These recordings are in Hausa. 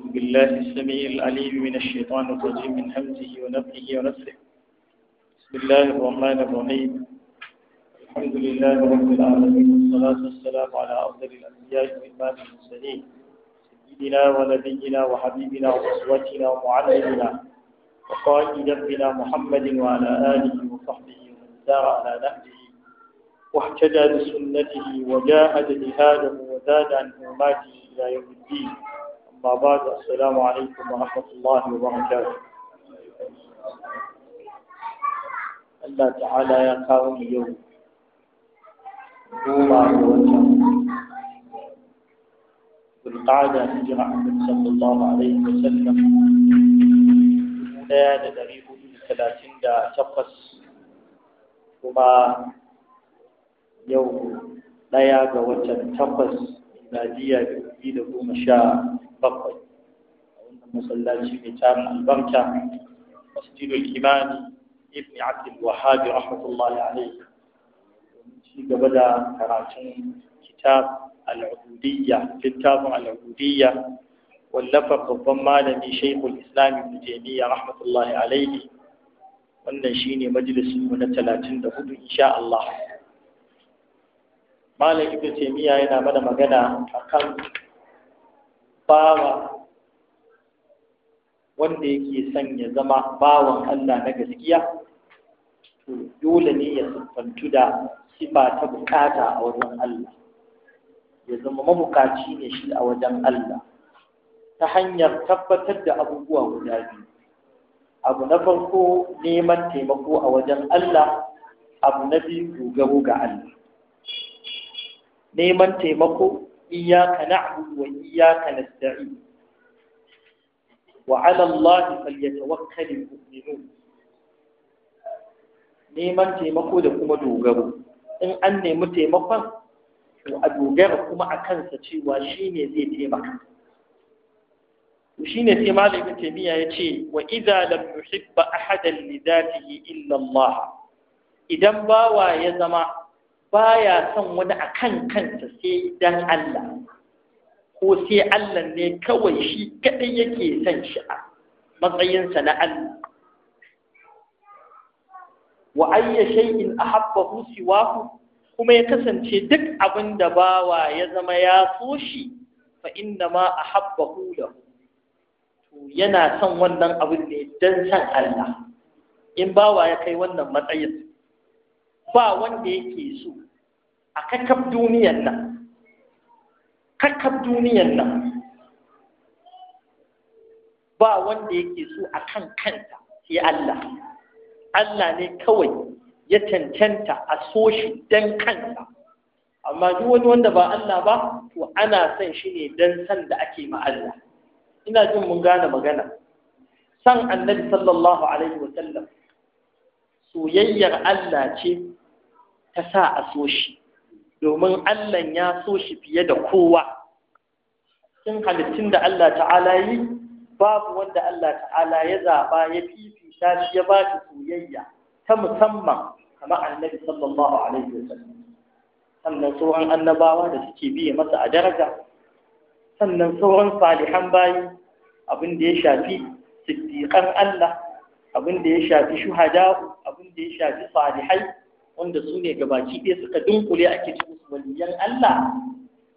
أعوذ بالله السميع العليم من الشيطان الرجيم من همزه ونفخه ونفخه بسم الله الرحمن الرحيم الحمد لله رب العالمين والصلاة والسلام على أفضل الأنبياء وإمام المرسلين سيدنا ونبينا وحبيبنا وأسوتنا ومعلمنا وقائد ربنا محمد وعلى آله وصحبه ومن سار على نهجه واحتجى بسنته وجاهد جهاده وزاد عن حرماته إلى يوم الدين ما بعد السلام عليكم ورحمة الله وبركاته الله تعالى يا قوم يوم قوما وجه بالقعدة هجرة النبي صلى الله عليه وسلم لا تدريه ثلاثين دا تقص وما يوم لا يا دي تقص ميلادية 2010 bakwai a wannan masallaci mai tarin albarka masjidul imani ibn abdul wahabi rahmatullahi alaihi ci gaba da karatun kitab al'ududiyya littafin al'ududiyya wallafa babban malami shaikhul islam ibn taymiya rahmatullahi alaihi wannan shine majalisin mu na 34 insha Allah malam ibn taymiya yana mana magana akan bawa wanda yake son ya zama bawan Allah na gaskiya to dole ne ya siffantu da sifa ta bukata a wajen Allah ya zama mabukaci ne shi a wajen Allah ta hanyar tabbatar da abubuwa guda biyu abu na farko neman taimako a wajen Allah abu na biyu dogaro ga Allah neman taimako إياك نعبد وإياك نستعين وعلى الله فليتوكل المؤمنون neman taimako da kuma dogaro in an nemi taimakon to a dogara kuma a kansa cewa shi ne zai taimaka shi ne sai malamin taimiyya ya ce wa idza lam yuhibba ahadan li dhatihi illa Allah idan bawa ya zama baya son wani akan kansa sai dan Allah ko sai Allah ne kawai shi kaɗai yake son shi a matsayinsa na Allah wa ayya shay'in ahabbahu siwahu kuma ya kasance duk abin da bawa ya zama ya so shi fa inna ma ahabbahu lahu yana son wannan abin ne dan san Allah in bawa ya kai wannan matsayin ba wanda yake so a kakkab duniyan nan kakkab duniyan nan ba wanda yake so a kan kanta sai Allah Allah ne kawai ya tantanta a dan kanta. amma duk wani wanda ba Allah ba to ana son shi ne dan san da ake ma Allah ina jin mun gane magana san annabi sallallahu alaihi wa sallam soyayyar Allah ce ta sa a domin Allah ya so shi fiye da kowa cikin halittun da Allah ta'ala yi babu wanda Allah ta'ala ya zaba ya fifita shi ya ba shi soyayya ta musamman kamar annabi sallallahu alaihi wasallam sannan sauran annabawa da suke biye masa a daraja sannan sauran falihan bayi abin da ya shafi siddiqan Allah abin da ya shafi shuhada abin da ya shafi salihai wanda su ne gabaki ɗaya suka dunkule ake cikin waliyan Allah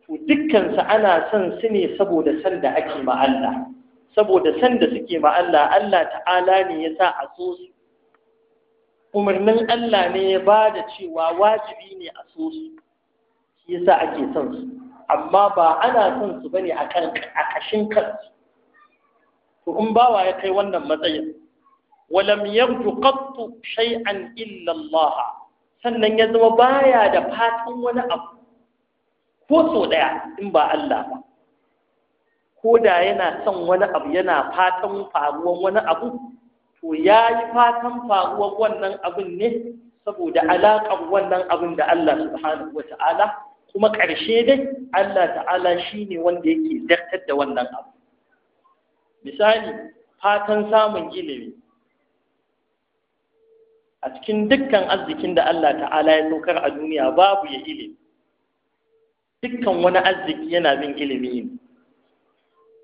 to dukkansu ana son su ne saboda san da ake ma Allah saboda san da suke ma Allah Allah ta'ala ne ya sa a so su umarnin Allah ne ya ba da cewa wajibi ne a so su shi yasa ake son su amma ba ana son su bane a a kashin kansu to in bawa ya kai wannan matsayin ولم يرجو قط شيئا إلا الله sannan ya zama baya da fatan wani abu ko so ɗaya in ba Allah ba ko da yana son wani abu yana fatan faruwan wani abu to ya yi fatan faruwan wannan abun ne saboda alaƙar wannan abun da Allah subhanahu wata'ala kuma ƙarshe dai Allah ta'ala shi ne wanda yake dakatar da wannan abu misali fatan samun ilimi a cikin dukkan arzikin da Allah ta'ala ya saukar a duniya babu ya ilimi dukkan wani arziki yana bin ilimi ne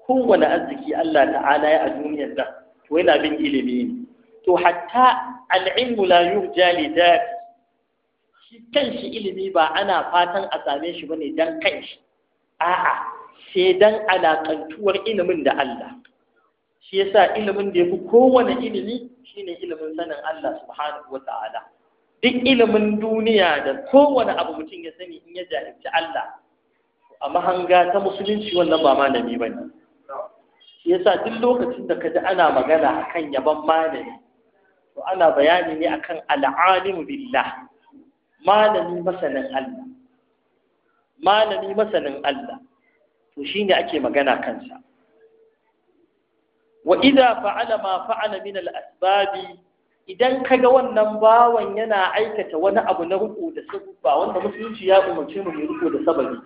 kowane arziki Allah ta'ala ya a duniyar nan to yana bin ilimi ne to hatta al'ilmu la yurja li dafi shi kanshi ilimi ba ana fatan a same shi bane dan kanshi a'a sai dan alakantuwar ilimin da Allah shi yasa ilimin da yafi kowane ilimi shine ilimin sanin Allah subhanahu wata'ala duk ilimin duniya da kowane abu mutum ya sani in ya jahilci Allah a mahanga ta musulunci wannan ba malami bane shi yasa duk lokacin da ka ji ana magana akan yaban malami to ana bayani ne akan al'alimu billah malami masanin Allah malami masanin Allah to shine ake magana kansa wa idza fa'ala ma fa'ala min al-asbabi idan kaga wannan bawan yana aikata wani abu na ruku da Ba wanda musulunci ya umarce mu mai ruku da sabari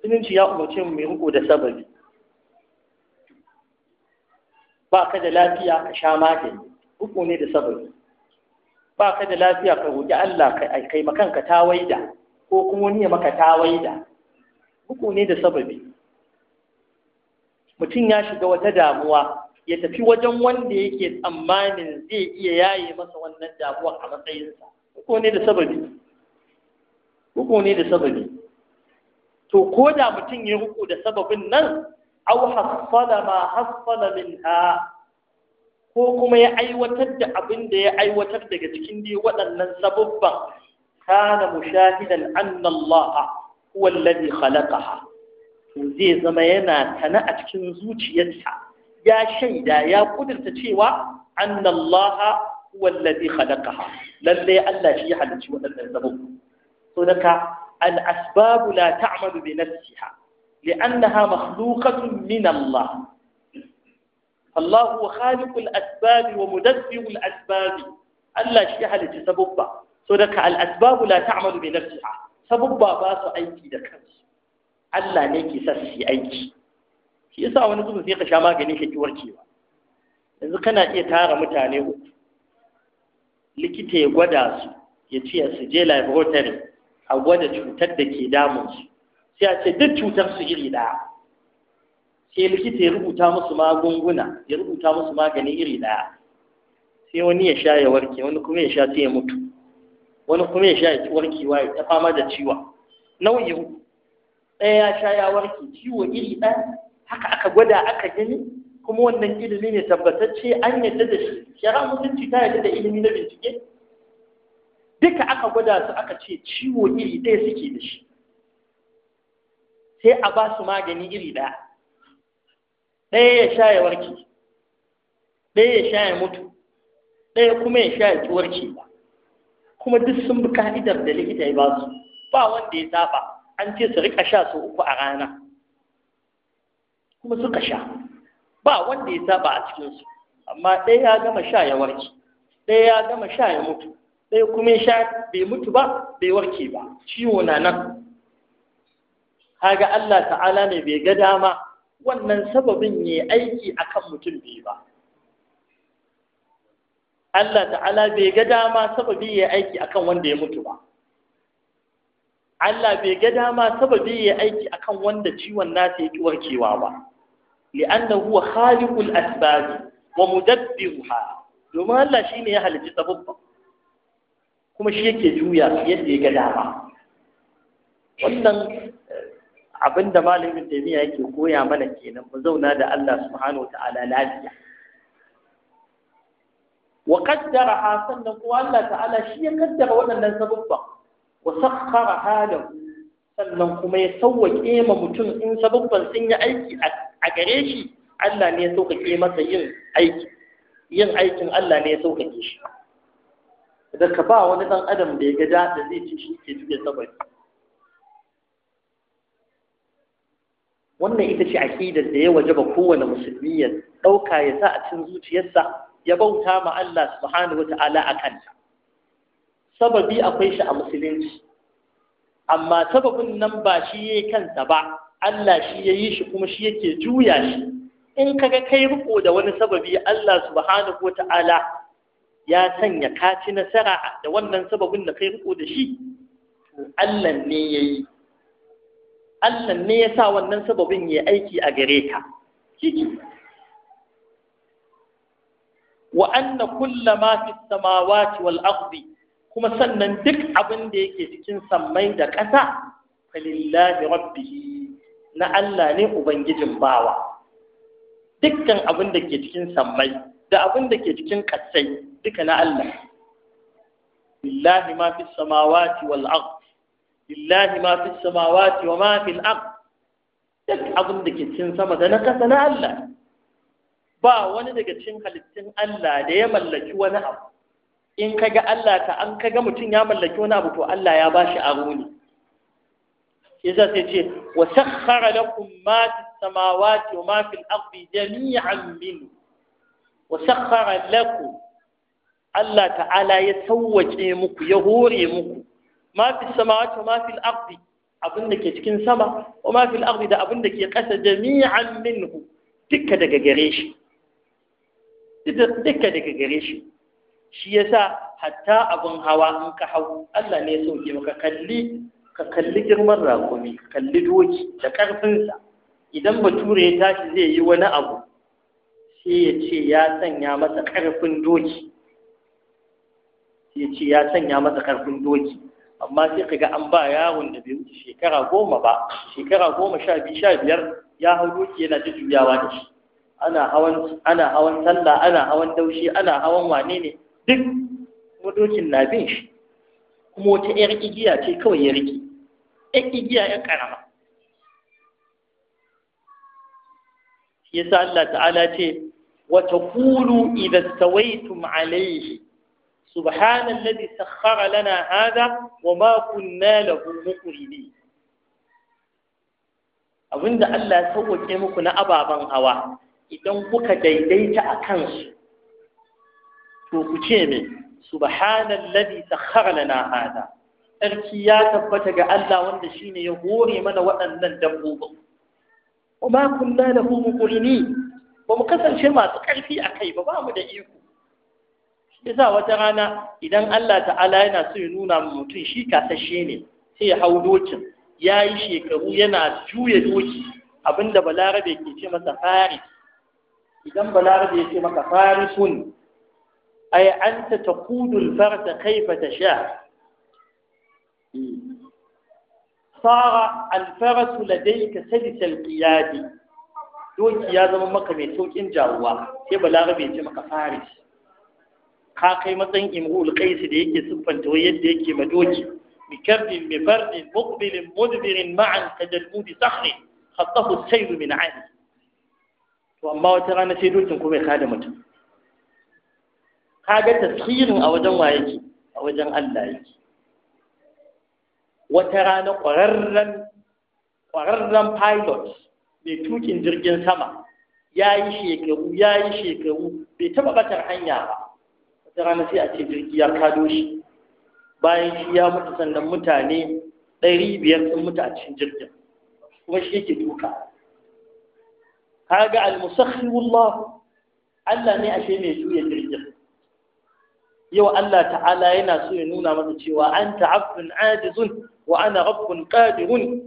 musulunci ya umarce mu mai ruku da sabari ba ka da lafiya ka sha magani ruku ne da sabari ba ka da lafiya ka roƙi Allah kai makanka tawaida ko kuma wani ya maka tawaida ruku ne da sabari mutum ya shiga wata damuwa ya tafi wajen wanda yake tsammanin zai iya yaye masa wannan damuwa a matsayinsa ko ne da sababi ko ne da sababi to ko da mutum ya ruku da sababin nan aw hasala ma hasala minha ko kuma ya aiwatar da abin da ya aiwatar daga cikin dai waɗannan sababban kana mushahidan anna Allah huwa alladhi khalaqaha zai zama yana tana a cikin zuciyarsa ya shaida ya kudurta cewa annallaha huwa alladhi khalaqaha lallai Allah shi ya halicci waɗannan zabon so daga al asbab la ta'malu bi nafsiha li'annaha makhluqatun min Allah Allah huwa khaliqul asbab wa mudabbirul asbab Allah shi ya halicci sabubba so daga al asbab la ta'malu bi nafsiha sabubba ba su aiki da kansu Allah ne ke sa su yi aiki shi yasa wani zubin sai ka sha maganin shi warkewa yanzu kana iya tara mutane uku likita ya gwada su ya ce su je laboratory a gwada cutar da ke damun su sai a ce duk cutar su iri ɗaya sai likita ya rubuta musu magunguna ya rubuta musu magani iri ɗaya sai wani ya sha ya warke wani kuma ya sha sai ya mutu wani kuma ya sha ya warkewa ya fama da ciwa nau'i uku ɗaya ya sha ya warke ciwo iri ɗaya haka aka gwada aka gani kuma wannan ilimi ne tabbatacce an yadda da shi shara mutunci ta yadda da ilimi na bincike duka aka gwada su aka ce ciwo iri ɗaya suke da shi sai a ba su magani iri ɗaya ɗaya ya sha ya warke ɗaya ya sha ya mutu ɗaya kuma ya sha ya ki warke ba kuma duk sun bi ka'idar da likita ya ba su ba wanda ya saba an ce su rika sha su uku a rana kuma suka sha ba wanda ya saba a cikinsu amma ɗaya ya gama sha ya warke ɗaya ya gama sha ya mutu ɗaya kuma ya sha bai mutu ba bai warke ba ciwo na nan kaga Allah ta'ala ne bai ga dama wannan sababin ya aiki akan mutum biyu ba Allah ta'ala bai ga dama sababi ya aiki akan wanda ya mutu ba Allah bai ga dama sababi ya aiki akan wanda ciwon nasa ya warkewa ba li'anna huwa khaliqul asbab wa mudabbiruha domin Allah shine ya halicci sababba kuma shi yake juya yadda ya ga dama wannan eh, abin malamin taimiyya yake koya mana kenan mu zauna da Allah subhanahu wa ta'ala lafiya wa qaddara sannan kuma Allah ta'ala shi ya kaddara waɗannan sababbin. wa sakhara halahu sannan kuma ya sauwake ma mutum in sababban sun yi aiki a gare shi Allah ne ya sauƙaƙe masa yin aiki yin aikin Allah ne ya sauƙaƙe shi da ka ba wani ɗan adam da ya ga da zai ci shi ke juya sabari wannan ita ce aƙidar da ya waje ba kowane musulmi ya ɗauka ya sa a cin zuciyarsa ya bauta ma Allah subhanahu a kanta sababi akwai shi a musulunci amma sababin nan ba shi yayi kansa ba Allah shi yayi shi kuma shi yake juya shi in kaga kai riko da wani sababi Allah subhanahu wata'ala ya sanya ka ci nasara da wannan sababin da kai riko da shi Allah ne yayi Allah ne ya sa wannan sababin ya aiki a gare ka kiki wa anna kullama fi samawati wal ardi kuma sannan duk abin da yake cikin sammai da ƙasa falillahi rabbihi na Allah ne ubangijin bawa dukkan abin da ke cikin sammai da abin da ke cikin ƙasai duka na Allah lillahi ma fi samawati wal ard lillahi ma fi samawati wa ma fil ard duk abin da ke cikin sama da na ƙasa na Allah ba wani daga cikin halittun Allah da ya mallaki wani abu in ka ga Allah ta an ka ga mutum ya mallaki wani abu to Allah ya bashi aro ne yasa sai ce wa sakhkhara lakum ma fis samawati wa ma fil ardi jami'an min wa sakhkhara lakum Allah ta'ala ya sawwace muku ya hore muku ma fis samawati wa ma fil ardi abin da ke cikin sama wa ma fil ardi da abin da ke ƙasa jami'an minhu duka daga gare shi duka daga gare shi shi yasa hatta abin hawa in ka hau Allah ne ya sauke maka kalli ka kalli girman rakumi ka kalli doki da ƙarfinsa idan bature ya tashi zai yi wani abu sai ya ce ya sanya masa ƙarfin doki ya ce ya sanya masa karfin doki amma sai ka ga an ba yaron da bai wuce shekara goma ba shekara goma sha biyu sha biyar ya hau doki yana ta juyawa da shi ana hawan ana hawan sallah ana hawan daushi ana hawan wane ne duk madokin na bin shi kuma wata 'yar igiya ce kawai ya riƙe 'yar igiya 'yan ƙarama shi sa Allah ta'ala ce wa Kulu idan stawaytum alayhi subhana bi sakhara lana hada wa ma kunna lahu muqrinin abinda Allah ya sauke muku na ababen hawa idan kuka daidaita a kansu. to ku ce me subhanallazi sakhkhara na hada sarki ya tabbata ga Allah wanda shine ya hore mana waɗannan dabbobin wa ma kunna lahu muqrini ba mu kasance masu ƙarfi a kai ba ba mu da iko shi sa wata rana idan Allah ta'ala yana so ya nuna mu mutum shi kasashe ne sai ya hau dokin ya yi shekaru yana juya doki abinda balarabe ke ce masa fari. idan balarabe ya ce maka sun. أي أنت تقود الفرس كيف تشاء صار الفرس لديك سلس القيادة دون قيادة من مكة ميتوك إن جاوا يبا لغبي يتمك فارس كاكي مثلا إمغو القيس ديك سبحان تويد ديك مدوك بكرد بفرد مقبل مدبر معا قد المود صخر خطه السيل من عين وأما وترى سيدوكي كومي خادمته kaga tasirin a wajen wa yake a wajen Allah yake wata rana ƙwararren ƙwararren pilot mai tukin jirgin sama ya yi shekaru ya yi shekaru bai taɓa batar hanya ba wata rana sai a ce jirgi ya kado shi bayan shi ya mutu sannan mutane ɗari biyar sun mutu a cikin jirgin kuma shi yake duka kaga al-musakhirullah Allah ne ashe mai juya yau Allah ta'ala yana so ya nuna masa cewa an ta'abdun ajizun wa ana rabbun qadirun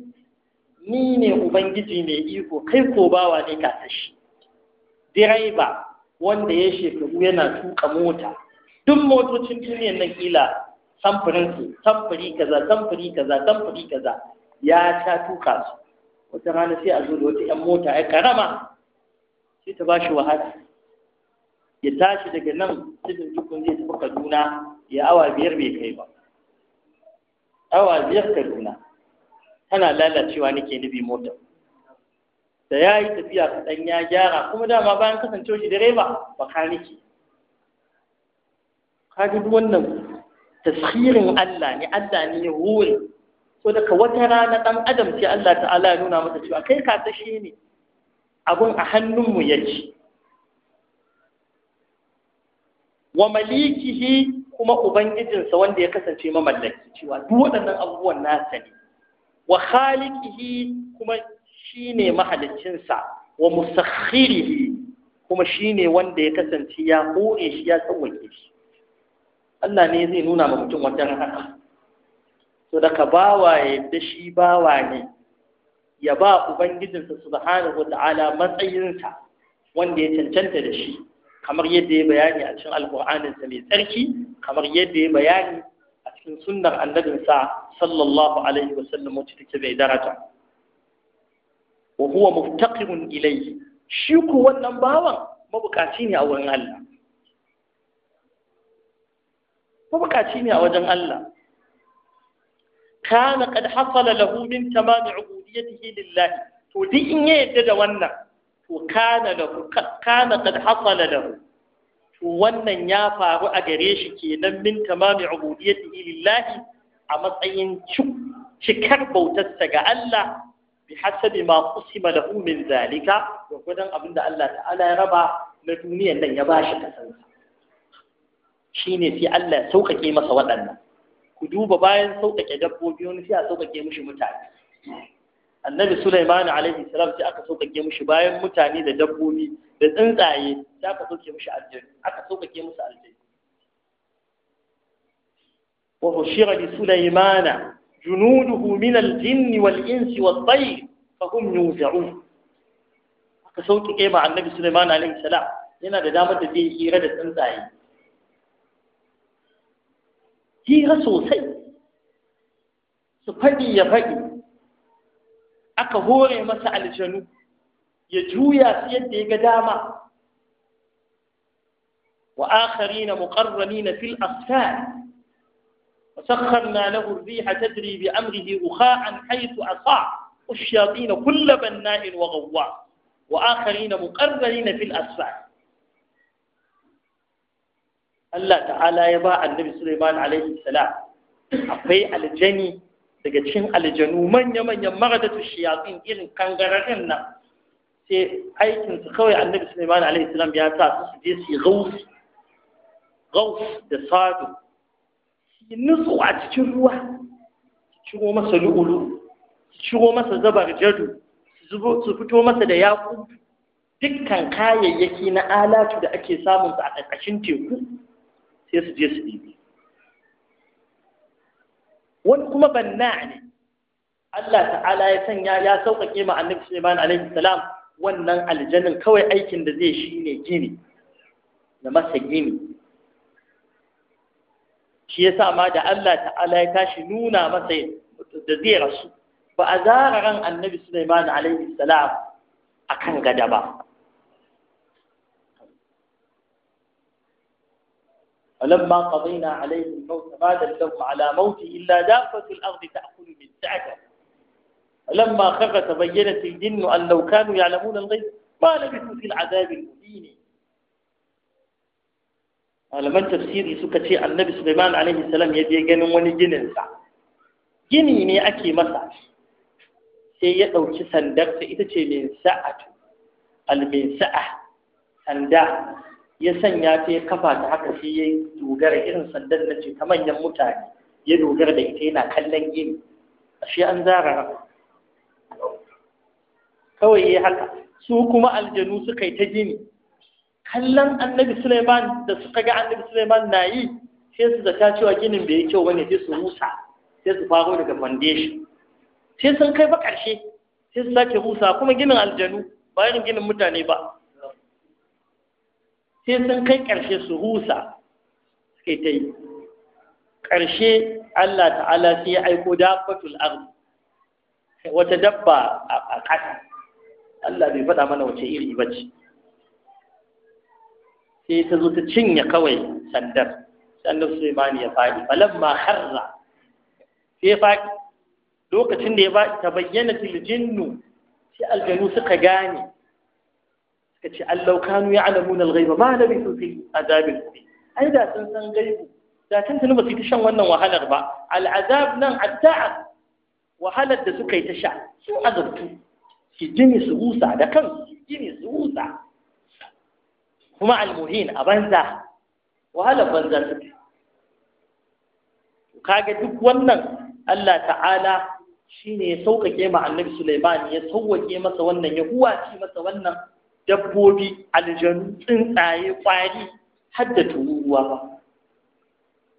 ni ne ubangiji mai iko kai ko bawa ne ka tashi direba wanda ya shekaru yana tuka mota duk motocin duniyar nan kila samfurin su samfuri kaza samfuri kaza samfuri kaza ya ta tuka su wata rana sai a zo da wata yan mota ya karama sai ta bashi wahala ya tashi daga nan cikin cikin zai tafi kaduna ya awa biyar bai kai ba awa biyar kaduna tana lalacewa nake nufi motar da ya yi tafiya kaɗan ya gyara kuma dama bayan kasancewa shi direba makaniki Ka duk wannan tasirin Allah ne Allah ne ya hore Ko daga wata rana ɗan adam ce Allah ta'ala ya nuna masa cewa kai ka tashe ne abun a hannunmu ya ci. wa malikihi kuma ubangijinsa wanda ya kasance mamallaki cewa duk waɗannan abubuwan nasa ne wa khaliqihi kuma shine mahalicinsa wa musakhirihi kuma shine wanda ya kasance ya hore shi ya tsawake shi Allah ne zai nuna ma mutum wajen haka to daga bawa yadda shi bawa ne ya ba ubangijinsa subhanahu ta'ala matsayinsa wanda ya cancanta da shi kamar yadda ya bayani a cikin alƙur'anin sa mai tsarki kamar yadda ya bayani a cikin sunnar annabinsa sallallahu alaihi wa sallam wacce take bai daraja wa huwa muftaqirun ilayhi shi ku wannan bawan mabukaci ne a wurin Allah mabukaci ne a wajen Allah kana qad hasala lahu min tamami ubudiyyatihi lillah to duk in ya yadda da wannan to kana lahu kana qad hasala lahu to wannan ya faru a gare shi kenan min tamami ubudiyyatihi lillahi a matsayin cikar bautarsa ga Allah bi hasabi ma qusima lahu min zalika wa gudan abinda Allah ta'ala ya raba na duniyan nan ya bashi kasansa shine sai Allah ya sauƙaƙe masa waɗannan ku duba bayan sauƙaƙe dabbobi wani sai a sauƙaƙe mushi mutane annabi Suleiman alaihi salam sai aka sauƙaƙe mushi bayan mutane da dabbobi da tsuntsaye sai aka sauƙaƙe mushi aljanna aka sauƙaƙe musu aljanna wa hushira li Sulaiman junuduhu min al-jinn wal-insi wat-tayr fa hum yuzaun aka sauƙaƙe ma annabi Suleiman alaihi salam yana da damar da zai hira da tsuntsaye hira sosai su faɗi ya faɗi aka hore masa aljanu ya juya su yadda ya ga dama wa akari na mukarrani na fil asfar musakhar na na hurri a tajiri bi amrihi uha an haitu a sa ushiyatsi na kullaban na'in wa gawwa wa akari na mukarrani na fil asfar Allah ta'ala ya ba annabi Sulaiman alaihi salam akwai aljani daga cikin aljanu manya-manyan maradatu shiyafin irin kangararren nan sai aikinsu kawai annabi suleiman alaihissalam ya sa su je su gaus gaus da sadu su nutsu a cikin ruwa su ciro masa lu'ulu su masa zabar jadu su fito masa da yaku dukkan kayayyaki na alatu da ake samun su a ƙarƙashin teku sai su je su ɗibi wani kuma banna ne Allah ta'ala ya sanya ya sauƙaƙe ma annabi Sulaiman alaihi salam wannan aljannin kawai aikin da zai shi ne gini da masa gini shi yasa ma da Allah ta'ala ya tashi nuna masa da zai rasu ba a zara ran annabi Sulaiman alaihi salam akan gada ba ولما قضينا عليه الموت ما دلتهم على موته إلا دافة الأرض تأكل من سعجر ولما خف تبينت الجن أن لو كانوا يعلمون الغيب ما لبثوا في العذاب المدين ألم أن تفسير سكتي شيء عن نبي سليمان عليه السلام يدي جن وني جن الفع جني ني أكي مسع سيئة أو كسندق إذا كي من سعة المنسعة سندق ya sanya ta ya kafa ta haka sai ya dogara irin sandan na ce ta manyan mutane ya dogara da ita yana kallon gini ashe an zara haka kawai ya haka su kuma aljanu suka yi ta gini kallon annabi suleiman da suka ga annabi suleiman na yi sai su zata cewa ginin bai yi kyau bane sai su rusa sai su faro daga foundation sai sun kai ba ƙarshe sai su sake rusa kuma ginin aljanu ba irin ginin mutane ba sai sun kai ƙarshe su husa suke ta yi ƙarshe Allah ta'ala sai ya aiko dabbatul arzu wata dabba a ƙasa Allah bai faɗa mana wace iri ba ce sai ta zo ta cinye kawai sandar sandar su ya faɗi ma harra sai faɗi lokacin da ya ba ta bayyana tiljinnu sai aljanu suka gane Ka ce allau kanu ya'lamuna al-ghaiba ma labithu a adabil muhin ai da sun san gaibu da tantana ba su ta shan wannan wahalar ba al'azab nan at wahalar da suka yi ta sha su azabtu Ki jini su husa da kansu su jini su husa kuma almuhin a banza wahalar banza su kaga duk wannan Allah ta'ala shi ne ya sauƙaƙe ma annabi Sulaiman ya sauƙaƙe masa wannan ya huwaci masa wannan dabbobi aljanu tsuntsaye kwari har da tururuwa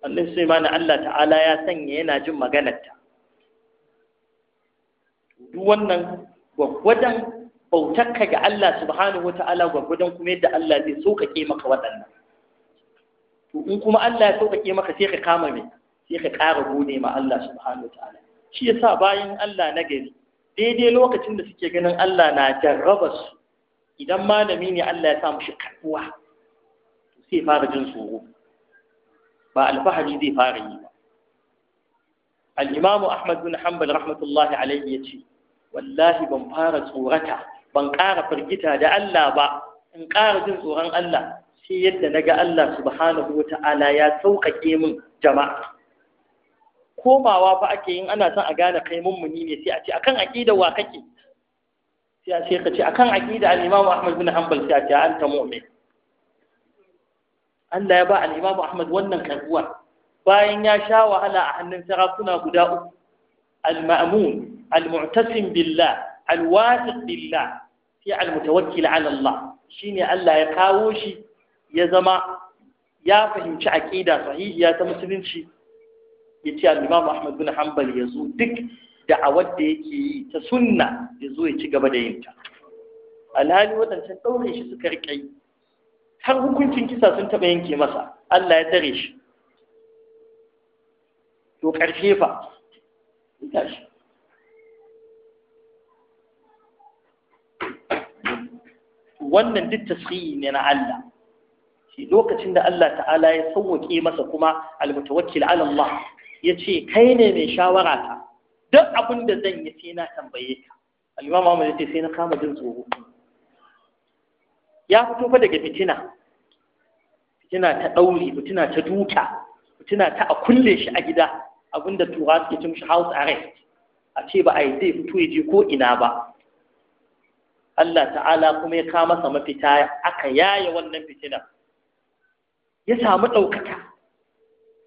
ba sai mana Allah ta'ala ya sanya yana jin maganarta duk wannan gwaggwadon bautarka ga Allah subhanahu wa ta'ala kuma yadda Allah zai sauƙaƙe maka waɗannan to in kuma Allah ya sauƙaƙe maka sai ka kama me sai ka ƙara gode ma Allah subhanahu wa ta'ala shi yasa bayan Allah na gari daidai lokacin da suke ganin Allah na jarraba su idan malami ne Allah ya sa mushi karbuwa sai fara jin tsoro ba alfahari zai fara yi ba al-imamu Ahmad bin Hanbal rahmatullahi alaihi yace wallahi ban fara tsorata ban ƙara firgita da Allah ba in ƙara jin tsoron Allah sai yadda na ga Allah subhanahu wa ta'ala ya sauƙaƙe min jama'a komawa fa ake yin ana son a gane kai mummuni ne sai a ce akan aqidar wa kake sai sai ka ce akan aqida al-Imam Ahmad bin Hanbal sai ce anta mu'min Allah ya ba al-Imam Ahmad wannan karbuwa bayan ya sha wahala a hannun sarakuna guda uku al-ma'mun al-mu'tasim billah al-wathiq billah sai al-mutawakkil 'ala Allah shine Allah ya kawo shi ya zama ya fahimci aqida sahihiya ta musulunci yace al-Imam Ahmad bin Hanbal yazo duk da'awar da yake yi ta sunna ya zo ya ci gaba da yin ta alhali waɗancan ɗaure shi suka riƙe har hukuncin kisa sun taɓa yanke masa Allah ya tare shi to ƙarshe fa wannan duk tasiri ne na Allah shi lokacin da Allah ta'ala ya sauwaƙe masa kuma almutawakkil ala Allah ya ce kai ne mai shawara ta duk abin da zan yi sai na tambaye ka al-imam ya ce sai na kama jin tsoro ya fito fa daga fitina fitina ta ɗauri fitina ta duka fitina ta a kulle shi a gida da tura suke cin shi house arrest a ce ba a yi zai fito ya je ko ina ba Allah ta'ala kuma ya kama sa mafita aka yaya wannan fitina ya samu ɗaukaka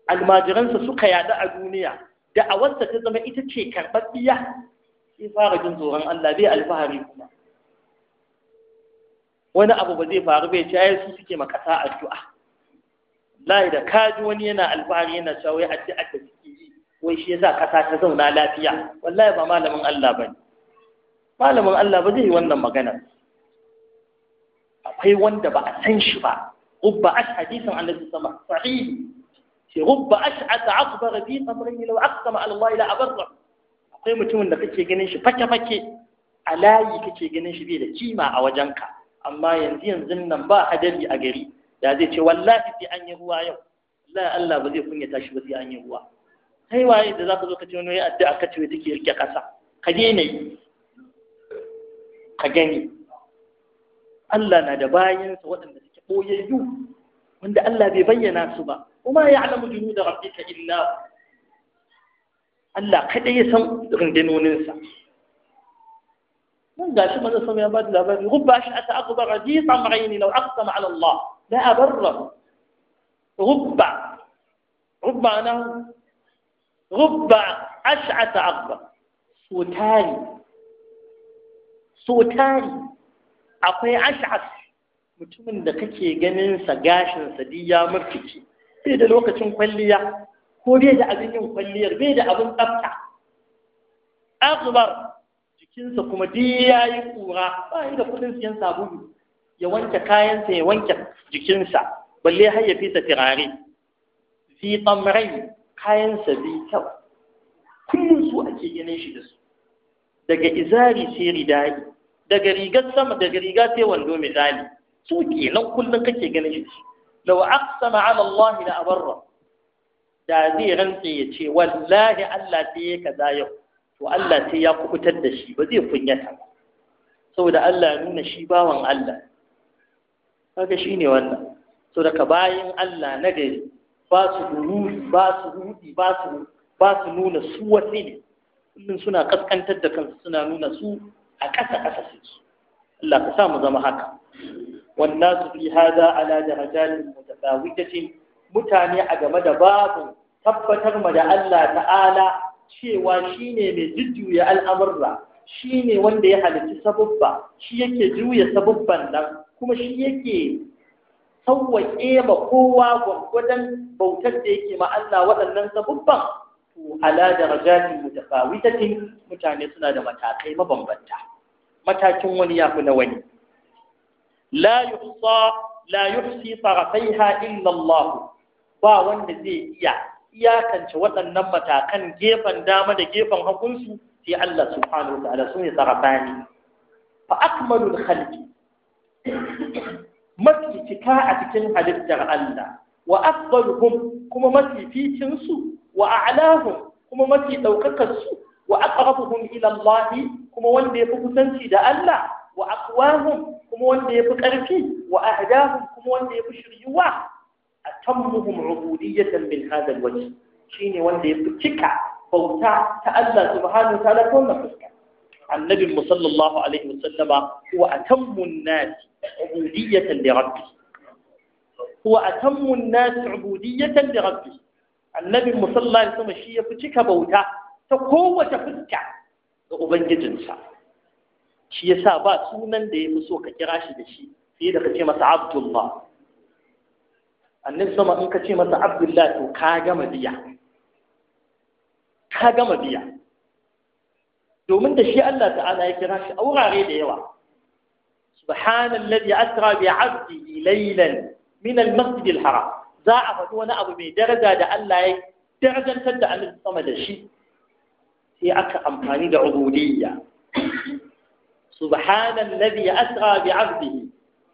almajiransa suka yada a duniya Da a da'awarsa ta zama ita ce karɓaɓɓiya sai fara jin tsoron Allah bai alfahari kuma wani abu ba zai faru bai ce ai su suke makasa addu'a lai da kaji wani yana alfahari yana cewa wai addu'a da ke yi wai shi yasa kasa ta zauna lafiya wallahi ba malamin Allah bane malamin Allah ba zai yi wannan magana akwai wanda ba a san shi ba ubba ash hadisin annabi sama sahihi رب أشعث أكبر في قبره لو أقسم على الله لا أبره akwai mutumin da kake ganin shi fake-fake a layi kake ganin shi bai da kima a wajenka amma yanzu yanzu nan ba hadari a gari da zai ce wallahi sai an ruwa yau wallahi Allah zai kunyata shi ba sai an ruwa sai waye da zaka zo ka ce wani addu'a ka ce take rike kasa ka gani Allah na da bayansa waɗanda suke ɓoyayyu wanda Allah bai bayyana su ba وما يعلم جنود ربك إلا الله قد يسم غندن وننسى من قال شو ماذا سمي أباد الأباد غب أشعة أكبر عم عيني لو أقسم على الله لا أبره غب غب أنا غب أشعة أكبر صوتان صوتان أقوي أشعث متمن دقيقة kake ganin سديا gashin sai da lokacin kwalliya ko bai da abin yin kwalliyar bai da abin tsafta akbar jikinsa kuma duk ya yi kura ba yi da kudin siyan sabulu ya wanke kayansa ya wanke jikinsa balle har ya fesa firare fi tsamrai kayansa bi kyau kullum su ake ganin shi da su daga izari sai ridai daga rigar sama daga riga sai wando misali su kenan kullum kake ganin shi law aqsama ala Allah la abarra da zai rantse ya ce wallahi Allah sai yi kaza yau to Allah sai ya kubutar da shi ba zai kunyata ba saboda Allah ya nuna shi bawan Allah kaga ne wannan saboda daga bayan Allah na gari ba su rudi ba su rudi ba su ba su nuna su wani ne kullum suna kaskantar da kansu suna nuna su a ƙasa ƙasa su Allah ka sa mu zama haka والناس في هذا على درجات متفاوتة متانعة جمد باب tabbatar ma da Allah ta'ala cewa shine mai jujjuya al'amurra shi wanda ya halarci sabubba shi yake juya sabubban nan kuma shi yake sauwaƙe ma kowa gwargwadon bautar da yake ma Allah waɗannan sabubban to ala darajatin mutafawitatin mutane suna da matakai mabambanta matakin wani ya fi na wani la yuhsa la yuhsi tarafaiha illa ba wanda zai iya iyakance waɗannan matakan gefen dama da gefen hakunsu, sai Allah subhanahu wa ta'ala sune tarafani fa akmalul khalqi mafi cika a cikin halittar Allah wa afdaluhum kuma mafi ficin su wa a'lahum kuma mafi daukakar su wa aqrabuhum ila Allah kuma wanda yafi kusanci da Allah wa aqwahum kuma wanda yafi karfi wa ahdahum kuma wanda yafi shiryuwa atammuhum ubudiyatan min hadha alwajh shine wanda yafi cika bauta ta Allah subhanahu wa ta'ala ta wannan fuska annabi sallallahu alaihi wasallama huwa atammun nas ubudiyatan li rabbih huwa atammun nas ubudiyatan li rabbih annabi sallallahu alaihi wasallama shi yafi cika bauta ta kowace fuska ga ubangijinsa shi yasa ba sunan da ya fi so ka kira shi da shi sai da ka ce masa abdullah annabi sama in ka ce masa abdullah to ka gama biya ka gama biya domin da shi Allah ta'ala ya kira shi a wurare da yawa subhanallazi asra bi 'abdihi laylan min al-masjid al-haram za a faɗi wani abu mai daraja da Allah ya darajantar da annabi sama da shi sai aka amfani da ubudiyya subhanan nabi asra bi abdihi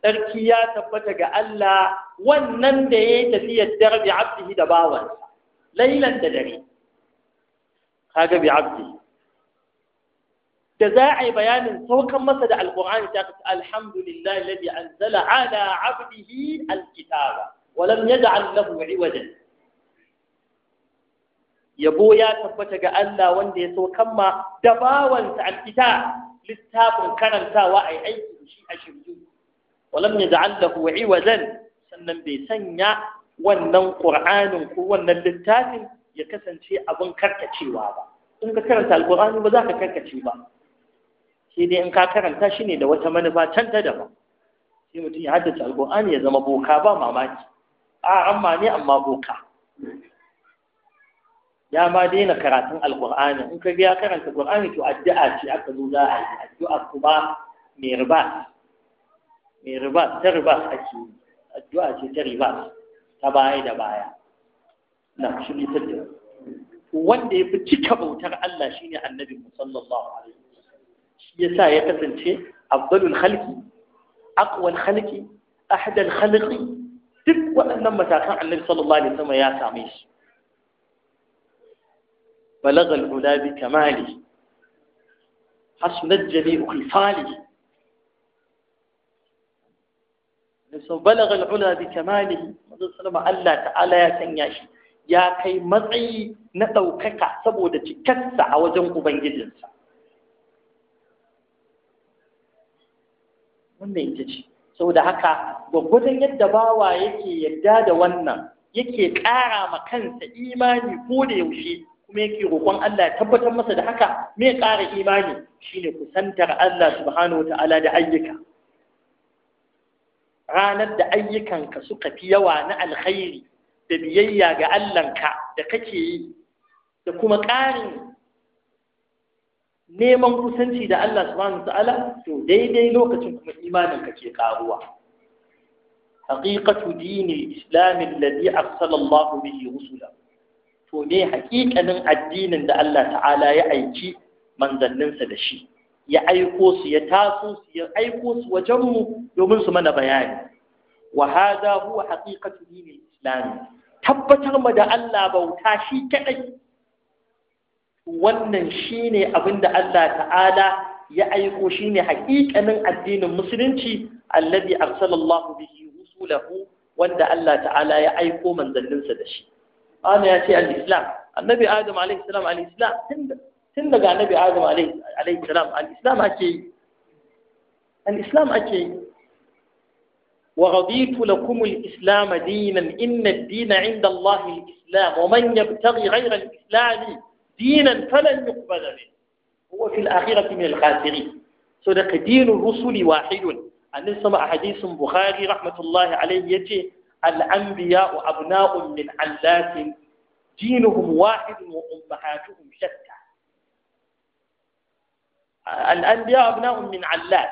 sarki ya tabbata ga Allah wannan da yayi tafiyar darbi abdihi da bawan lailan da dare kaga bi abdihi da za a yi bayanin saukan masa da alkur'ani ta kasu alhamdulillah alladhi anzala ala abdihi alkitaba wa lam yaj'al lahu iwajan yabo ya tabbata ga Allah wanda ya saukan ma da bawansa alkitab littafin karantawa a yi aiki da shi a shirye walam ya ja'al lahu iwazan sannan bai sanya wannan qur'anin ko wannan littafin ya kasance abin karkacewa ba in ka karanta alqur'ani ba za ka karkace ba sai dai in ka karanta shi ne da wata manufa can ta daban sai mutum ya haddace alqur'ani ya zama boka ba mamaki a amma ne amma boka ya ma daina karatun alƙur'ani in ka ga ya karanta ƙur'ani to addu'a ce aka zo za a yi addu'a kuma mai ribas. mai ribas, ta ribas ake yi addu'a ce ta ribas, ta baya da baya na shi ne ta wanda ya fi cika bautar Allah shine annabi sallallahu alaihi shi yasa ya kasance afdalul halki, aqwal halki, ahdal halki. duk waɗannan matakan annabi sallallahu alaihi wasallam ya same shi بلغ العلا بكماله حسنت جميع خفاله بلغ العلا بكماله manzon sallama Allah ta'ala ya sanya shi ya kai matsayi na ɗaukaka saboda cikarsa a wajen Ubangijinsa. Wannan ita ce, saboda haka gwaggwadon yadda bawa yake yarda da wannan yake ƙara ma kansa imani ko da yaushe kuma yake roƙon Allah ya tabbatar masa da haka me ƙara imani shine kusantar Allah subhanahu wata'ala da ayyuka ranar da ayyukanka suka fi yawa na alkhairi da biyayya ga Allahnka da kake yi da kuma ƙarin neman kusanci da Allah subhanahu wata'ala to daidai lokacin kuma imaninka ke ƙaruwa حقيقة دين الإسلام الذي أرسل الله به رسله to ne hakikanin addinin da Allah ta'ala ya aiki manzanninsa da shi ya aiko su ya taso su ya aiko su wajen mu domin su mana bayani wa hadha huwa haqiqatu dinil islam tabbatar mu da Allah bauta shi kadai wannan shine abinda Allah ta'ala ya aiko shine haƙiƙanin addinin musulunci alladhi arsalallahu bihi rusulahu wanda Allah ta'ala ya aiko manzanninsa da shi ana ya ce الإسلام النبي آدم عليه السلام salam الإسلام islam tun daga النبي آدم عليه عليه السلام islam الإسلام أكيد الإسلام أكيد ورضيت لكم الإسلام دينا إن الدين عند الله الإسلام ومن يبتغي غير الإسلام دينا فلن يقبل منه هو في الآخرة من الخاسرين صدق دين الرسل واحد أن نسمع حديث بخاري رحمة الله عليه يجي allafin أبناء من علات دينهم واحد وأمهاتهم شتى الأنبياء أبناء min علات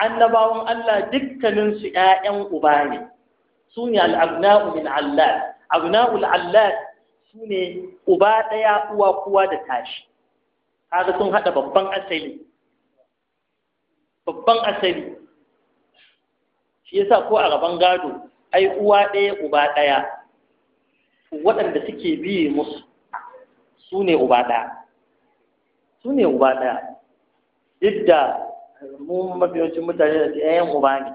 annabawan Allah dukkaninsu ‘ya'yan uba ne, su ne al'abna'u min Allah, abna'ul Allah su ne uba ɗaya uwa kuwa da tashi, haka sun haɗa babban asali, babban asali, shi yasa ko a rabon gado ai uwa ɗaya uba ɗaya waɗanda suke biye musu su ne uba ɗaya su ne uba ɗaya duk da mu mafiyancin mutane da 'yan uba ne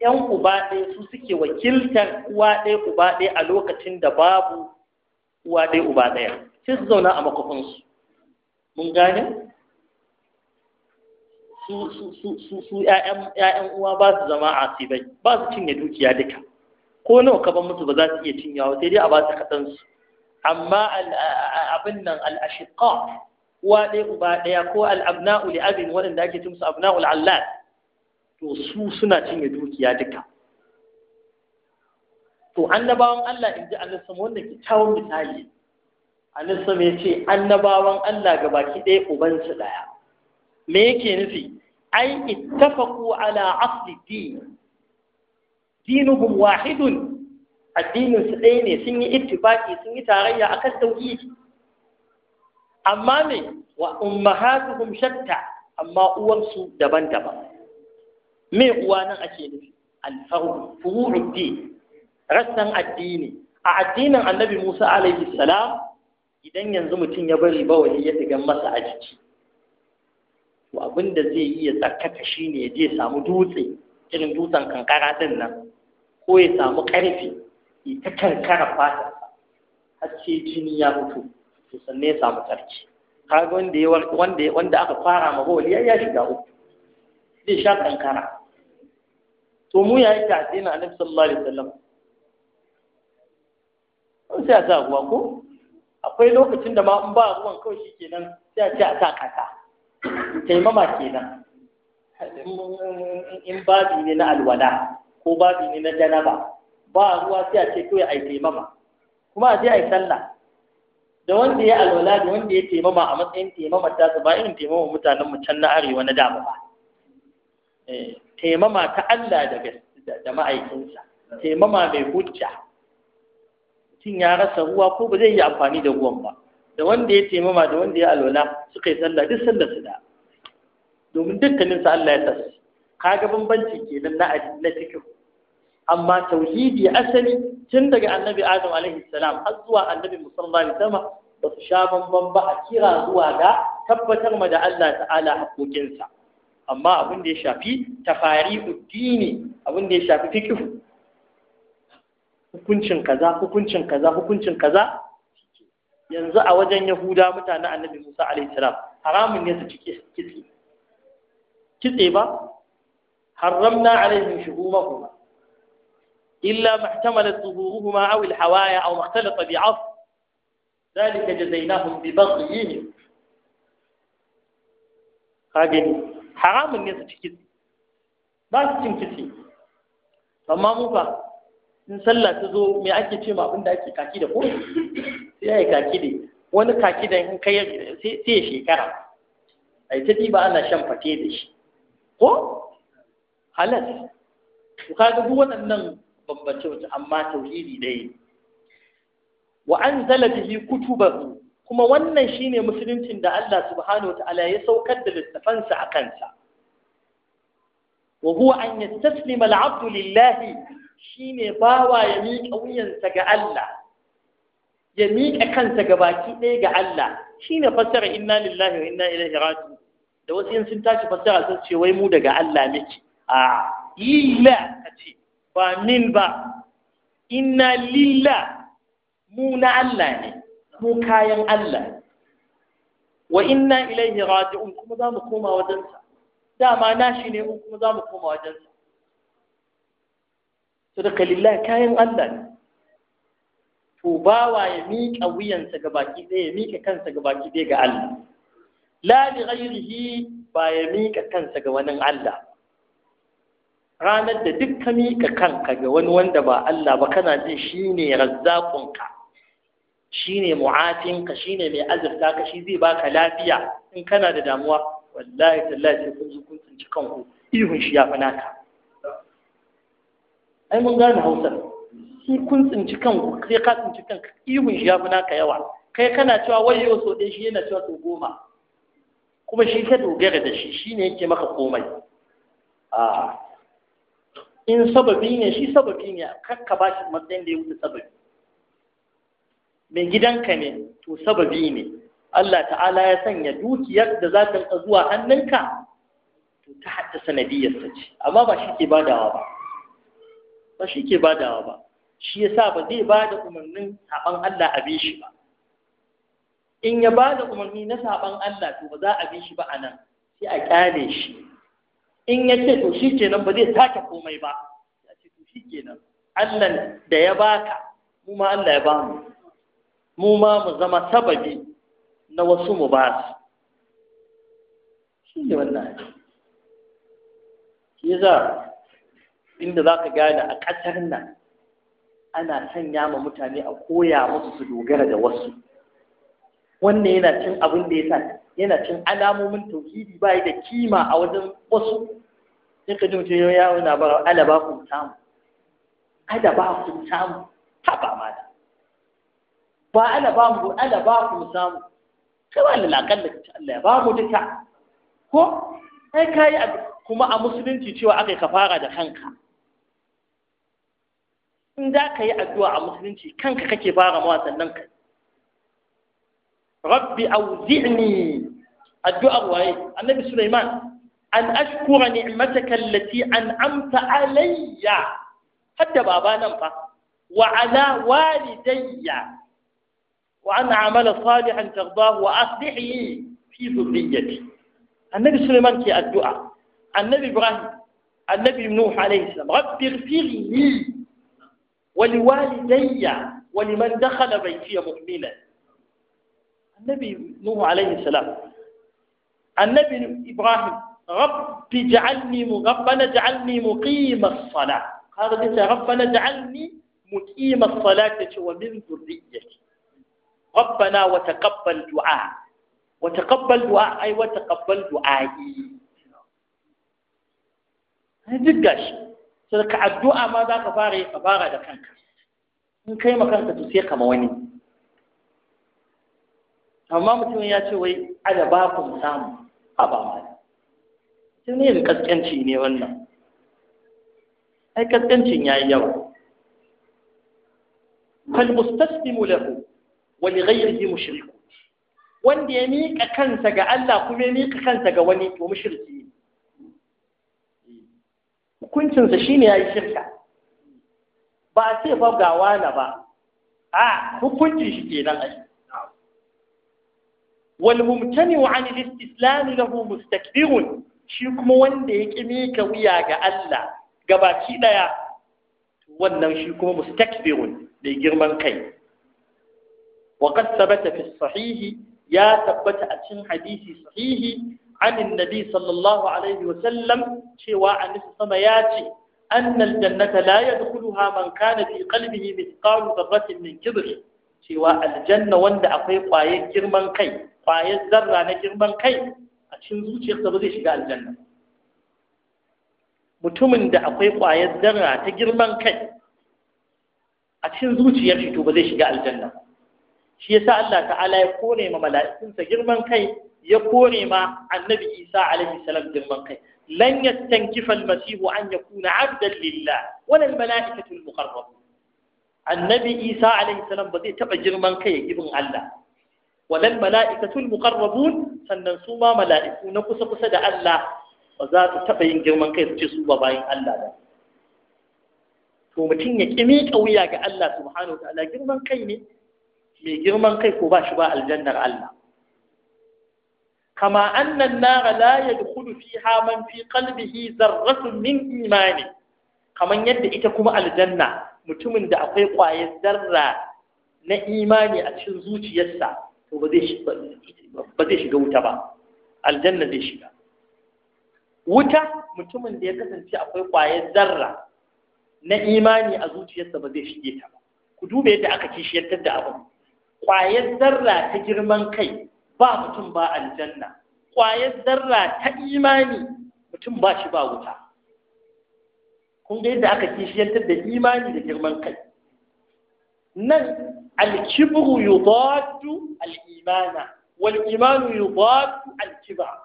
‘yan uba ɗaya su suke wakiltar uwa ɗaya uba ɗaya a lokacin da babu uwa ɗaya uba ɗaya sai su zauna a makofinsu mun gane su su su su ƴaƴan uwa ba su zama a sibai ba su cinye dukiya duka ko nawa ka ban musu ba za su iya cinyawa sai dai a ba su kaɗan su amma abin nan al'ashiqa uwa ɗaya uba ɗaya ko al'abna'u li abin waɗanda ake cin su abna'u al'allah to su suna cinye dukiya duka to annabawan Allah in ji annabi sama wanda kyakkyawan misali ce annabawan Allah gabaki ɗaya ubansu ɗaya me yake nufi ai ittafaqu ala asli din dinuhum wahidun addinin su ɗaya ne sun yi ittifaqi sun yi tarayya akan tauhidi amma me wa ummahatuhum shatta amma uwansu daban-daban me uwa nan ake nufi alfarhu furu'uddin rassan addini a addinin annabi Musa alaihi salam idan yanzu mutum ya bari bawali ya digan masa a jiki to abin da zai iya tsarkaka shi ne ya je samu dutse irin dutsen kankara din nan ko ya samu ƙarfi ya ta kankara fata har sai jini ya mutu to sannan ya samu tsarki kaga wanda ya wanda wanda aka fara ma bawali ya shiga uku zai sha kankara to mu ya yi ta dina annabi sallallahu alaihi wasallam sai a sa ruwa ko akwai lokacin da ma in ba ruwan kawai kenan sai a ce a sa kasa taimama kenan in babi ne na alwala ko babi ne na janaba ba ruwa sai a ce kawai yi taimama kuma a je yi sallah da wanda ya alwala da wanda ya taimama a matsayin taimama ta ba irin taimama mutanen mu can na arewa na dama ba eh, taimama ta Allah daga da ma'aikinsa taimama mai hujja mutum ya rasa ruwa ko ba zai yi amfani da ruwan ba da wanda ya taimama da wanda ya alwala suka yi sallah duk sallar su da domin dukkanin sa Allah ya tasu kaga bambanci kenan na na cikin amma tauhidi asali tun daga annabi adam alaihi salam har zuwa annabi musamman da sama ba su sha bamban ba a kira zuwa ga tabbatar ma da Allah ta'ala haƙoƙinsa amma abin da ya shafi tafari'ud dini abin da ya shafi fiqh hukuncin kaza hukuncin kaza hukuncin kaza yanzu a wajen Yahuda mutane annabi Musa alaihissalam haramun ne su cike kitse ba haramna alaihim shuhumahum illa mahtamala tuhuruhuma aw alhawaya aw mahtalata bi af dalika jazainahum bi baghyihim kage haramun ne su cike ba su cin kitse amma in sallah ta zo me ake ce ma abinda da ake kaki da ko sai ya yi kaki da wani kaki da in kai sai ya shekara ai ta ba ana shan fate da shi ko halas to kaga duk waɗannan bambance wace amma tauhidi dai wa anzala bihi kutubahu kuma wannan shine musuluncin da Allah subhanahu wataala ya saukar da littafansa a kansa wa huwa an yi al-'abdu lillahi Shi ne bawa ya miƙa wuyansa ga Allah ya miƙa kansa ga baki ɗaya ga Allah Shi ne fassara inna lillahi wa inna ilaihi raji'un da wasu yin sun tashi fassara sun ce wai mu daga Allah muke a lilla ka ce ba min ba inna lilla mu na Allah ne mu kayan Allah wa inna ilaihi raji'un kuma za mu koma wajensa dama nashi ne kuma za mu koma wajensa sadaka lillahi kayan Allah ne to bawa ya miƙa wuyansa ga baki ɗaya ya miƙa kansa ga baki ɗaya ga Allah la bi ghairihi ba ya miƙa kansa ga wani Allah ranar da duk ka miƙa kanka ga wani wanda ba Allah ba kana jin shi ne razzaƙunka shi ne mu'atinka shi ne mai azurta ka shi zai baka lafiya in kana da damuwa wallahi tallahi sai kun zo kun tsinci kanku ihun shi ya fi naka ai mun gane hausar shi kun tsinci kanku sai ka tsinci kanka ihun shi ya fi naka yawa kai kana cewa wai yau so ɗaya shi yana cewa so goma kuma shi ka dogara da shi shi ne yake maka komai a in sababi ne shi sababi ne kakka ba shi matsayin da ya wuce sababi mai gidanka ne to sababi ne Allah ta'ala ya sanya dukiyar da za ta zuwa hannunka to ta haɗa sanadiyarsa ce amma ba shi ke badawa ba ba shi ke badawa ba shi ya sa ba zai bada umarnin saban Allah a bin shi ba in ya bada umarni na saban Allah to ba za a bi shi ba anan sai a kyale shi in ya ce to shi kenan ba zai sake komai ba ya ce to shi kenan Allah da ya baka mu ma Allah ya ba mu mu ma mu zama sababi na wasu mu ba su shi ne wannan shi yasa inda za ka gane a ƙasar nan ana sanya ma mutane a koya musu su dogara da wasu wannan yana cin abin da ya sa yana cin alamomin tauhidi ba da kima a wajen wasu sai ka ji mutum ya yawo na bara ala ba kun samu ala ba kun samu ba ma da ba ala ba mu ala ba kun samu kai ba lakan da ta Allah ya ba mu duka ko kai kai kuma a musulunci cewa akai ka fara da kanka in za ka yi addu'a a musulunci kanka kake fara mawa sannan ka rabbi auzi'ni addu'ar waye annabi Sulaiman an ashkura ni'mataka allati an'amta alayya hadda baba nan fa wa ala walidayya wa an amala salihan tardahu wa aslih li fi dhurriyyati annabi Sulaiman ke addu'a annabi Ibrahim annabi Nuh alayhi salam rabbi ighfir li ولوالدي ولمن دخل بيتي مؤمنا النبي نوح عليه السلام النبي إبراهيم رب اجعلني ربنا اجعلني مقيم الصلاة هذا أنت ربنا اجعلني مقيم الصلاة ومن ذريتي ربنا وتقبل دعاء وتقبل دعاء أي وتقبل دعائي هذا sai ka addu'a ma za ka fara yi ka fara da kanka in kai ma kanka to sai ka ma wani amma mutumin ya ce wai ada ba ku samu a ba ma sai ne kaskanci ne wannan ai kaskancin yi yawa fal mustaslimu lahu wa li ghayrihi mushrik wanda ya miƙa kansa ga Allah kuma ya miƙa kansa ga wani to mushriki hukuncinsa ne ya yi shirka ba a ce ba ga wani ba a hukuncin shi kenan ai wal mumtani wa an al-istislam lahu mustakbirun shi kuma wanda ya kimi ka wuya ga Allah gabaki daya wannan shi kuma mustakbirun mai girman kai wa qad thabata fi ya tabbata a cikin hadisi sahihi anin nabi sallallahu alaihi wasallam cewa annabi sama ya ce annal jannata la yadkhuluha man kana fi qalbihi mithqalu dharratin min kibr cewa aljanna wanda akwai kwayar girman kai kwayar zarra na girman kai a cikin zuciyarsa ba zai shiga aljanna mutumin da akwai kwayar zarra ta girman kai a cikin zuciyar shi to ba zai shiga aljanna shi yasa Allah ta'ala ya kone ma mala'ikunsa girman kai ya kore ma annabi isa alaihi salam girman kai lan yastankifa almasih an yakuna abdan lillah wala almalaikatu almuqarrabun annabi isa alaihi salam ba zai taba girman kai ibn Allah wala almalaikatu almuqarrabun sannan su ma mala'iku na kusa kusa da Allah ba za su taba yin girman kai su ce su ba bayin Allah ba to mutum ya ƙi miƙa wuya ga Allah subhanahu wa ta'ala girman kai ne mai girman kai ko ba shi ba aljannar Allah kama annan nara la yadkhulu fiha man fi qalbihi zarratun min imani kaman yadda ita kuma aljanna mutumin da akwai kwayar zarra na imani a cikin zuciyarsa to ba zai shiga wuta ba aljanna zai shiga wuta mutumin da ya kasance akwai kwayar zarra na imani a zuciyarsa ba zai shige ta ba ku duba yadda aka kishiyantar da abin kwayar zarra ta girman kai ba mutum ba aljanna ƙwayar zarra ta imani mutum ba shi ba wuta kun ga yadda aka kishiyantar da imani da girman kai nan alkibru yudaddu al-imana wal imanu yudaddu al-kibra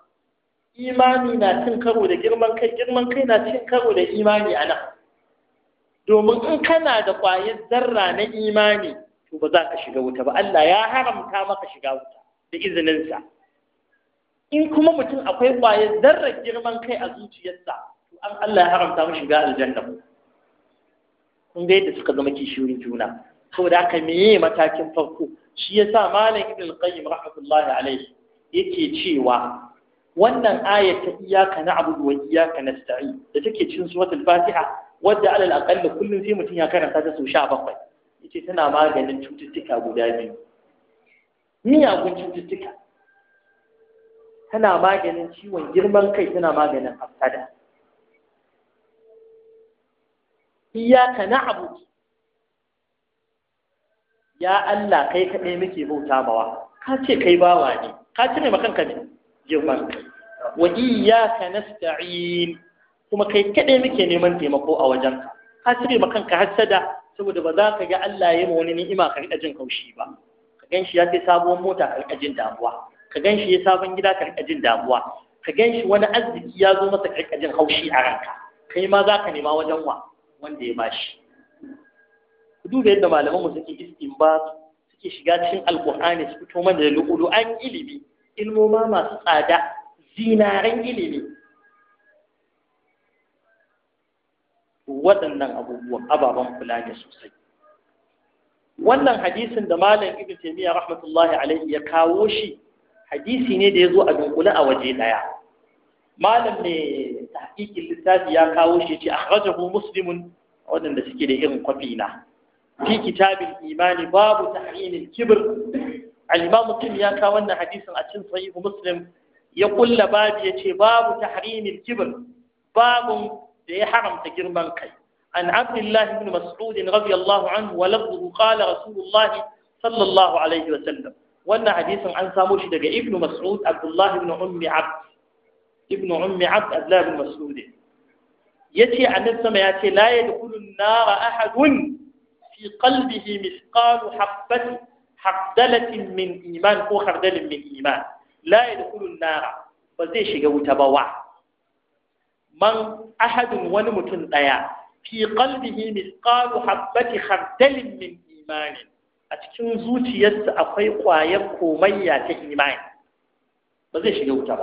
imani na cin karo da girman kai girman kai na cin karo da imani a nan domin in kana da ƙwayar zarra na imani to ba za ka shiga wuta ba Allah ya haramta maka shiga wuta da izininsa in kuma mutum akwai ƙwayar zarra girman kai a zuciyarsa to an Allah ya haramta mu shiga aljanna kun ga yadda suka zama kishiyoyin juna saboda haka meye matakin farko shi yasa malam ibn al-qayyim rahmatullahi alayhi yake cewa wannan aya ta iyyaka na'budu wa iyyaka nasta'in da take cikin suratul fatiha wadda alal aqall kullun sai mutum ya karanta ta sau 17 yace tana maganin cututtuka guda biyu miyagun cututtuka tana maganin ciwon girman kai tana maganin ka iyaka abu ya Allah kai kaɗai muke bauta mawa ka ce kai bawa ne ka cire makanka ne girman kai wa na sta'in kuma kai kaɗai muke neman taimako a wajenka ka cire makanka hasada saboda ba za ka ga Allah ya yi wani ni'ima ka riƙa jin kaushi ba gan shi ya sai sabuwar mota ka jin damuwa ka gan shi ya sabon gida ka jin damuwa ka gan shi wani arziki ya zo masa ka jin haushi a ranka kai ma za ka nema wajen wa wanda ya bashi ku duba yadda malaman mu suke istinbat suke shiga cikin alqur'ani su fito mana da lu'ulu an ilimi ilmoma masu tsada zinaren ilimi waɗannan abubuwan ababen kula ne sosai wannan hadisin da malam ibn taymiya rahmatullahi alaihi ya kawo shi hadisi ne da ya zo a dunkule a waje daya malam ne tahqiqin littafi ya kawo shi ce akhrajahu muslimun wadanda suke da irin kwafi na fi kitabil imani babu tahrinil kibr al-imam ya kawo wannan hadisin a cikin sahih muslim ya kulla babu yace babu tahrinil kibr babu da ya haramta girman kai عن عبد الله بن مسعود رضي الله عنه ولفظه قال رسول الله صلى الله عليه وسلم وانا حديث عن ساموش دقى ابن مسعود عبد الله بن أم عبد ابن أم عبد عبد الله بن مسعود يتي عن السماء ياتي لا يدخل النار أحد في قلبه مثقال حبة حقدلة من إيمان أو خردل من إيمان لا يدخل النار فزيش جوتبوا من أحد ونمتن ضياء fi qalbihi a cikin zuciyarsa akwai ƙwayar komayya ta imani ba zai shiga wuta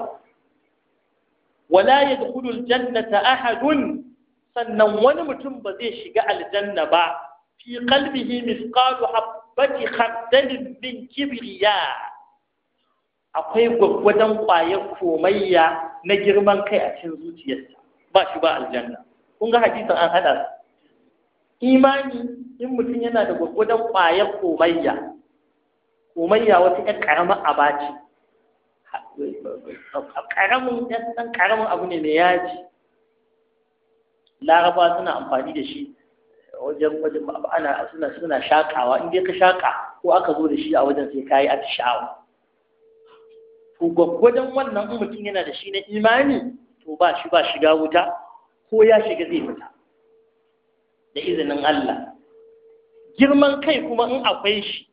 ba ahadun sannan wani mutum ba zai shiga aljanna ba fi qalbihi mithqalu habbati khardalin min kibriya akwai gwaggwadon ƙwayar komayya na girman kai a cikin zuciyarsa ba shi ba aljanna kun ga hadisin an hada imani in mutum yana da gwagwadon ƙwayar komayya komayya wata ƴar ƙaramar abaci ƙaramin ɗan ƙaramin abu ne mai yaji laraba suna amfani da shi wajen wajen ana suna suna shaƙawa in dai ka shaƙa ko aka zo da shi a wajen sai kayi atishawa to gwaggwadon wannan in mutum yana da shi na imani to ba shi ba shiga wuta ko ya shiga zai fita da izinin Allah girman kai kuma in akwai shi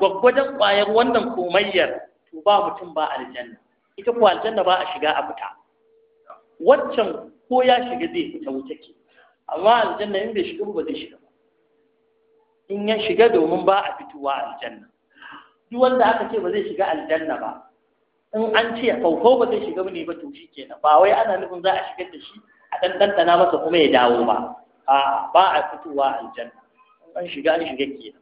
gwaggwajen ƙwayar wannan komayyar to ba mutum ba aljanna ita ko aljanna ba a shiga a fita waccan ko ya shiga zai fita wuta ke amma aljanna in bai shiga ba zai shiga ba in ya shiga domin ba a fitowa aljanna duk wanda aka ce ba zai shiga aljanna ba in an ce faufau ba zai shiga ne ba to shi kenan ba wai ana nufin za a shigar da shi a ɗan masa kuma ya dawo ba a ba a fitowa aljanna an shiga an shiga kenan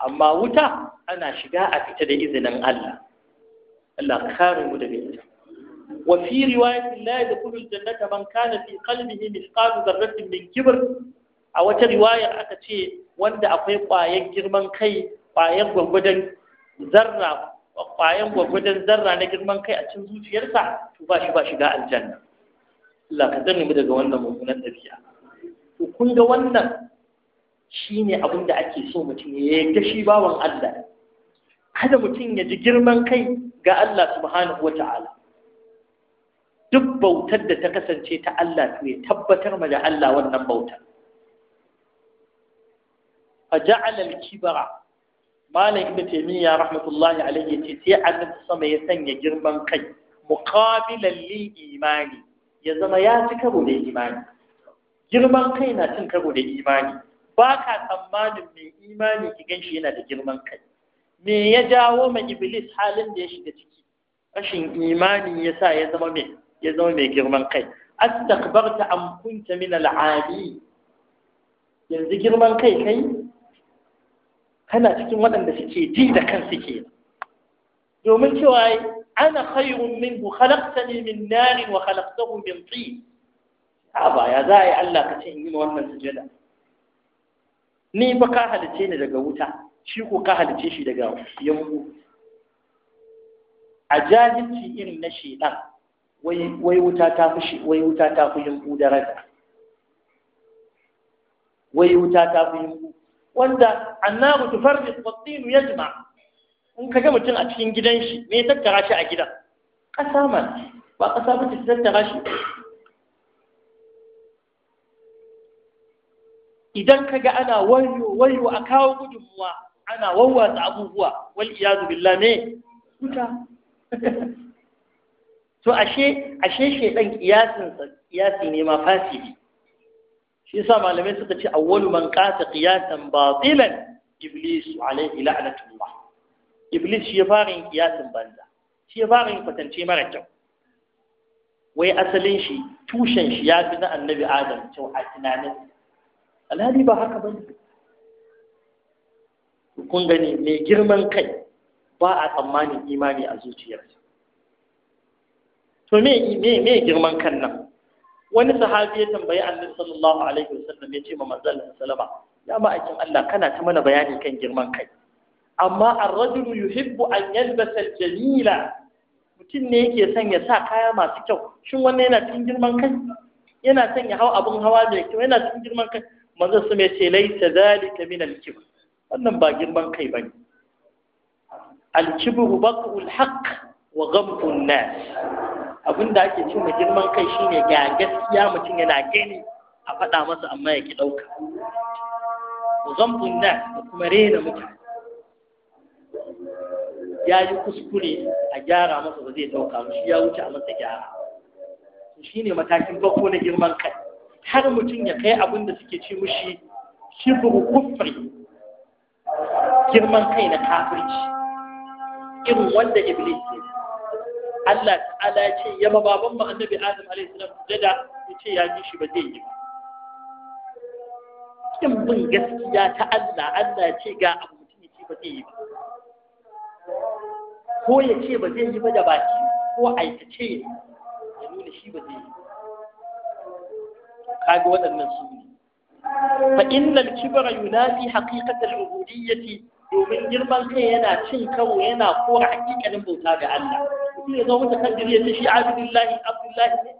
amma wuta ana shiga a fita da izinin Allah Allah kare mu daga ita wa fi riwayatin la yadkhulu aljannata man kana fi qalbihi mithqalu dharratin min kibr a wata riwaya aka ce wanda akwai ƙwayar girman kai ƙwayar gwagwadon zarra ƙwayar gwagwadon zarra na girman kai a cikin zuciyarsa to ba shi ba shiga aljanna Allah ka daga wannan mummunan ɗabi'a to kun ga wannan shine abin da ake so mutum ya shi bawan Allah kada mutum ya ji girman kai ga Allah subhanahu ta'ala. duk bautar da ta kasance ta Allah to ya tabbatar ma da Allah wannan bautar فجعل الكبر مالك ابن تيمية رحمة الله عليه sama ya sanya girman kai كي مقابلا imani ya zama ya ci karo da imani girman kai na cin karo da imani ba ka tsammanin mai imani ki ganshi yana da girman kai me ya jawo ma iblis halin da ya shiga ciki rashin imani ya sa ya zama mai ya zama mai girman kai astakbarta am kunta min al'ali yanzu girman kai kai kana cikin waɗanda suke ji da kansu ke domin cewa ana khairun minhu khalaqtani min nar wa khalaqtahu min tin aba ya za a yi Allah ka ce in yi wannan sujada ni fa ka halice ni daga wuta shi ko ka shi daga yambu a jahilci irin na shedan wai wai wuta ta fi wanda annaru tufarriq in ka ga mutum a cikin gidan shi me tattara shi a gidan ƙasa ma ba ƙasa ba ta tattara shi idan ka ga ana wayo wayo a kawo gudunmuwa ana wawwatsa abubuwa wal iyadu billah ne kuta to ashe ashe shedan kiyasin kiyasi ne ma fasidi shi yasa malamai suka ce awwalu man qata qiyasan batilan iblis alayhi la'natullah iblis shi ya fara yin kiyasin banza shi ya fara yin kwatance mara kyau wai asalin shi tushen shi ya fi na annabi adam kyau a tunanin alhali ba haka ba ne kun gani mai girman kai ba a tsammanin imani a zuciyarsa to me me me girman kan nan wani sahabi ya tambayi annabi sallallahu alaihi wasallam ya ce ma manzon sallama ya ma'aikin Allah kana ta mana bayani kan girman kai amma ar-rajulu yuhibbu an yalbasa al-jamila mutum ne yake son ya sa kaya masu kyau shin wannan yana cikin girman kai yana son ya hau abin hawa mai kyau yana cikin girman kai manzo su mai ce laisa zalika min al-kibr wannan ba girman kai bane al-kibr baqul haqq wa ghamtun nas abinda ake cewa girman kai shine ga gaskiya mutum yana gani a faɗa masa amma ya ki ɗauka wa ghamtun nas da kuma rena mutane ya yi kuskure a gyara masa ba zai ɗauka shi ya wuce a masa gyara shi ne matakin farko na girman kai har mutum ya kai abin da suke ci mushi shibru kufri girman kai na kafirci irin wanda iblis ne Allah ta'ala ya ce ya baban mu annabi Adam Alayhi salam sujada ya ce ya ji shi ba zai yi ba kin bin gaskiya ta Allah Allah ya ce ga abu mutum ya ce ba zai yi ba ko ya ce ba zai yi ba da baki ko aikace ya nuna shi ba zai yi kaga waɗannan su ne fa innal kibra yunafi haqiqatal ubudiyyati domin girman kai yana cin kawo yana kora hakikanin bauta ga Allah mutum ya zo mata kan ya ce shi abdullahi abdullahi ne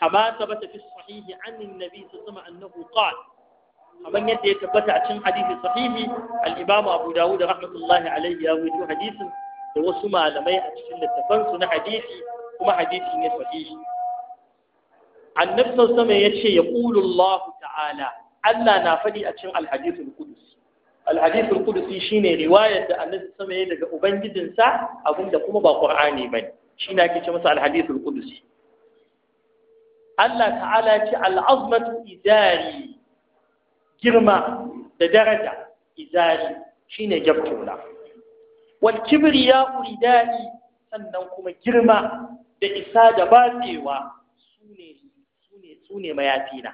كما ثبت في الصحيح عن النبي صلى الله عليه وسلم أنه قال kamar yadda ya tabbata a cikin hadisi sahihi al-Imam Abu Dawud rahmatullahi alaihi ya rawaito hadisin da wasu malamai a cikin littafan su na hadisi kuma hadisi ne sahihi annabi sallallahu alaihi ya ce yaqulu Allah ta'ala Allah na fadi a cikin al-hadithul qudsi al-hadithul qudsi shine riwayar da annabi sallallahu alaihi daga ubangijinsa abinda kuma ba Qur'ani bane shine ake ce masa al-hadithul qudsi Allah ta'ala ce al-azmatu idari girma da daraja izari shine gabtuna wal kibriya daɗi sannan kuma girma da isa da batsewa sune sune sune mayafina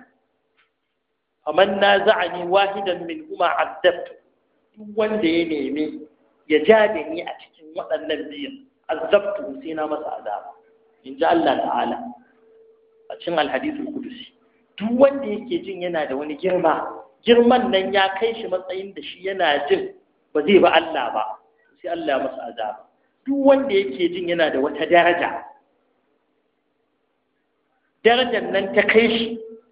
na za'ani wahidan min huma azzabtu duk wanda ya nemi ya ja da ni a cikin waɗannan biyun azzabtu sai na masa azaba in ji Allah ta'ala a cikin alhadisul kudusi duk wanda yake jin yana da wani girma girman nan ya kai shi matsayin da shi yana jin ba zai ba Allah ba sai Allah masa azaba duk wanda yake jin yana da wata daraja darajar nan ta kai shi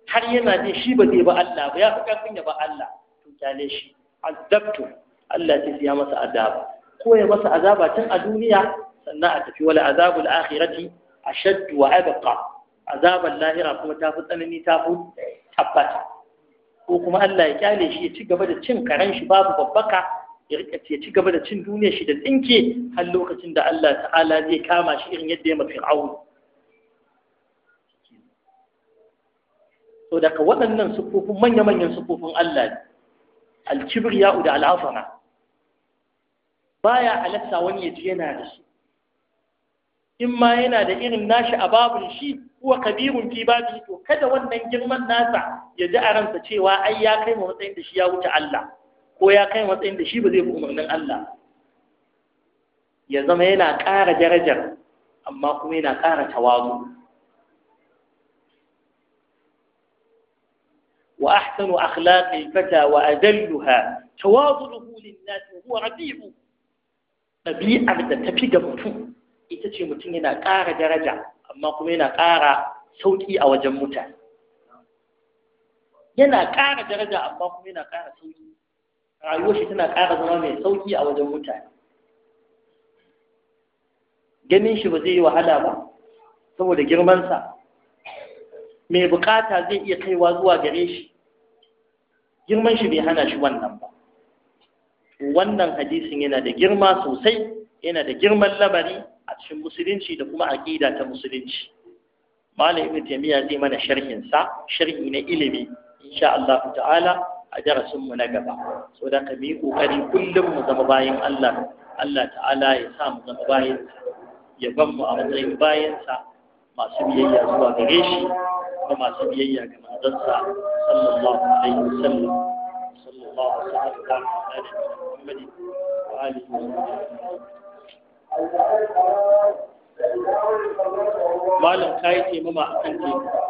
har yana jin shi ba zai ba Allah ba ya fi kafin ya ba Allah to kyale shi azabtu Allah ya ya masa azaba ko ya masa azaba tun a duniya sannan a tafi wala azabul akhirati ashaddu wa abqa azabul lahira kuma ta fi tsanani ta fi tabbata ko kuma Allah ya kyale shi ya ci gaba da cin karen shi babu babbaka ya ya ci gaba da cin duniya shi da tsinke har lokacin da Allah ta'ala zai kama shi irin yadda ya mafi awu to daga waɗannan sufufin manya-manyan sufufin Allah ne alkibriya da al'afara baya halatta wani ya ji yana da su in ma yana da irin nashi a babun shi kuwa kabirun fi babi to kada wannan girman nasa ya ji a ransa cewa ai ya kai matsayin da shi ya wuce Allah ko ya kai matsayin da shi ba zai bi umarnin Allah ya zama yana ƙara darajar amma kuma yana ƙara tawazu wa ahsanu akhlaqi fata wa adalluha tawazuhu lin nas huwa rabi'u ɗabi'ar da tafi ga mutum ita ce mutum yana ƙara daraja amma kuma yana ƙara sauƙi a wajen mutane yana ƙara daraja amma kuma yana ƙara sauƙi rayuwar shi tana ƙara zama mai sauƙi a wajen mutane ganin shi ba zai yi wahala ba saboda girmansa mai buƙata zai iya kaiwa zuwa gare shi girman shi bai hana shi wannan ba wannan hadisin yana da girma sosai yana da girman labari a cikin musulunci da kuma aqida ta musulunci malam ibn taymiya zai mana sharhin sa sharhi na ilimi insha Allah ta'ala a darasin mu na gaba so da ka yi kokari kullum mu zama bayan Allah Allah ta'ala ya sa mu zama bayan ya ban mu a matsayin bayan sa masu biyayya zuwa gare shi kuma masu biyayya ga manzansa sallallahu alaihi wasallam sallallahu alaihi wa sallam ala muhammadin wa alihi wa sahbihi malam ka yi taimama a kan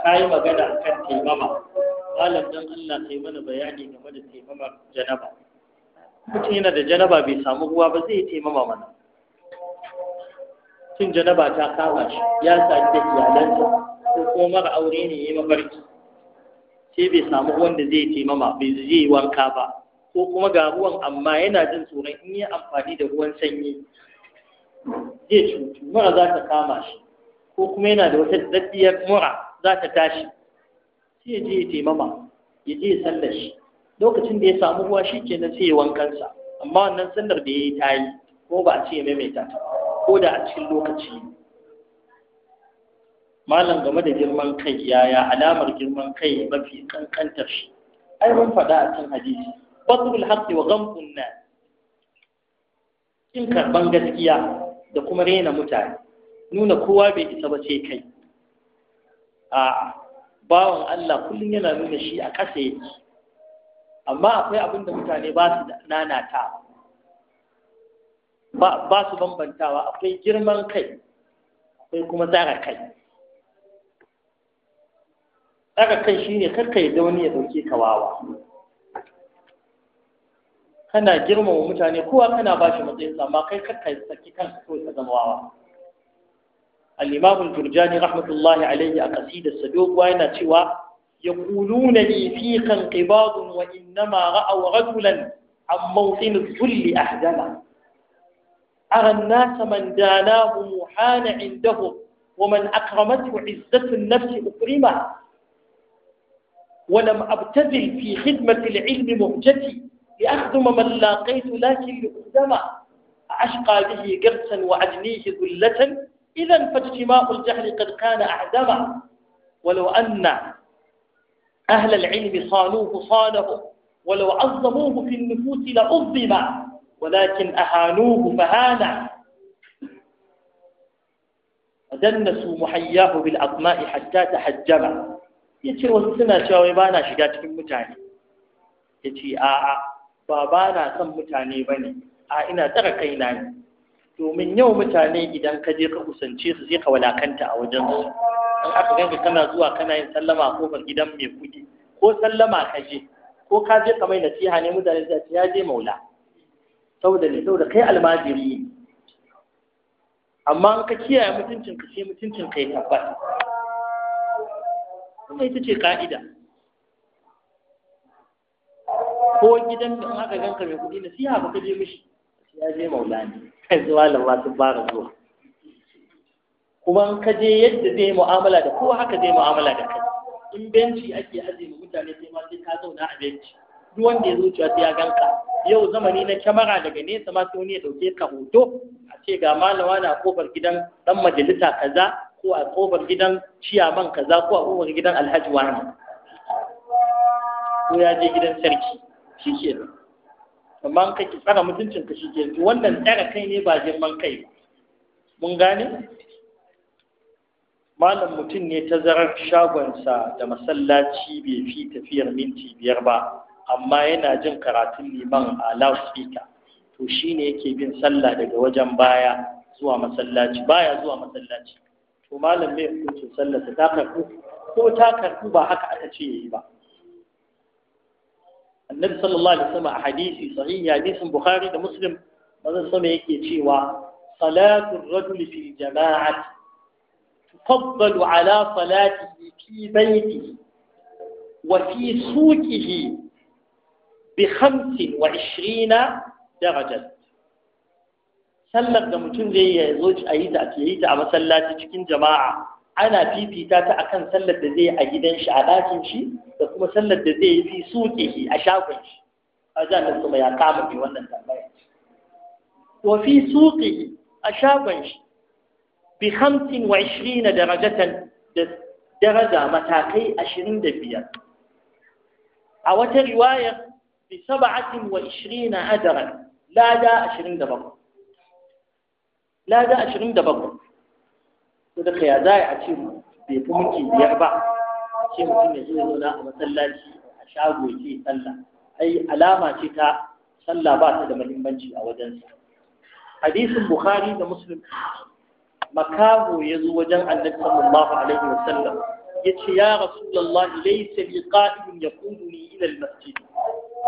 ka yi magana a kan taimama malam don allah yi mana bayani game da taimamar janaba mutum yana da janaba bai samu ruwa ba zai taimama mana cin janaba ta kama shi ya sadu da iyalansa ko kuma mara aure ne ya yi mafarki sai bai samu ruwan da zai taimama bai zai wanka ba ko kuma ga ruwan amma yana jin tsoron in yi amfani da ruwan sanyi zai cutu mura za ta kama shi ko kuma yana da wata daddiyar mura za ta tashi sai ya je ya taimama ya je ya sallar shi lokacin da ya samu ruwa shi na sai wankansa amma wannan sallar da ya yi ta yi ko ba a ce maimaita ta ko da a cikin lokaci malam game da girman kai yaya alamar girman kai mafi kankantar shi ai mun faɗa a cikin hadisi batrul haqqi wa ghamtun nas in karban gaskiya da kuma rena mutane nuna kowa bai isa ba sai kai a bawan Allah kullum yana nuna shi a ƙasa yake amma akwai abin da mutane ba su nanata ba su bambantawa akwai girman kai akwai kuma tsara kai tsara kai shine karka yadda wani ya dauke ka wawa kana girmama mutane kowa kana ba shi matsayin amma kai kanka saki kanka so ka zama wawa al-imam al-jurjani rahmatullahi alayhi a qasidarsa doguwa yana cewa fi kan qibad يقولون لي ra'aw rajulan وإنما رأوا رجلا ahdama ara an-nas man danahu muhana indahu wa man akramathu أكرمته an-nafs ukrima ولم أبتذل في خدمة العلم مهجتي لأخدم من لاقيت لكن لأخدم عشقى به قرسا وعدنيه ذلة إذا فاجتماع الجهل قد كان أعدما ولو أن أهل العلم صانوه صانه ولو عظموه في النفوس لعظم ولكن أهانوه فهانا ودنسوا محياه بالأطماء حتى تحجما يتي وسنا شاوي بانا شقات في المتعني يتي آآ ba ba na son mutane ba ne a ina tsara kaina ne domin yau mutane idan ka je ka kusance su sai ka walakanta a wajen su in aka ganka kana zuwa kana yin sallama ko gidan mai kuɗi ko sallama ka je ko ka je ka kamar nasiha ne mutane za su ya je maula saboda ne saboda kai almajiri ne amma in ka kiyaye mutuncin ka sai mutuncin ka ya tabbata kuma ita ce ka'ida ko gidan da aka ganka mai kuɗi nasiha ba ka je mishi ya je maulani kai zuwa lalla sun fara zuwa kuma in ka je yadda zai mu'amala da kowa haka zai mu'amala da kai in benci ake ajiye ma mutane sai ma sai ka zauna a benci duk wanda ya zuciya sai ya ganka yau zamani na kyamara daga nesa ma sai wani ya dauke ka hoto a ce ga malama na kofar gidan dan majalisa kaza ko a kofar gidan ciyaman kaza ko a kofar gidan alhaji wani ko ya je gidan sarki shi ke amma ki tsara mutuncin ka shi ke wannan tsara kai ne ba girman kai mun gane malam mutum ne ta zarar shagonsa da masallaci bai fi tafiyar minti biyar ba amma yana jin karatun liman a loudspeaker to shine yake bin sallah daga wajen baya zuwa masallaci baya zuwa masallaci to malam mai hukuncin sallah ta karbu ko ta karbu ba haka aka ce yayi ba annabi sallallahu alaihi wasallam a hadisi sahihi hadisin bukhari da muslim manzon sama yake cewa salatu ar-rajul fi jama'ati tufaddalu ala salatihi fi baytihi wa fi suqihi bi 25 daraja sallar da mutum zai yi zo a yi ta a masallaci cikin jama'a ana fifita ta akan sallar da zai a gidan shi a ɗakin shi da kuma sallar da zai fi soke shi a shagon shi a jami'ar kuma ya kama mai wannan tambaya Wa fi soke a shagon shi bi hamsin wa ishirina darajatan da daraja matakai ashirin da biyar a wata riwaya bi saba'atin wa ishirina adaran lada ashirin da bakwai lada ashirin da bakwai to da ya za a ce bai fi minti biyar ba ce mutum ya zo zauna a masallaci a shago ya ce sallah ai alama ce ta sallah ba ta da muhimmanci a wajensa hadisin bukhari da muslim makaho ya zo wajen annabi sallallahu alaihi wa ya ce ya rasulullah laysa li qa'idin yaquduni ila al-masjid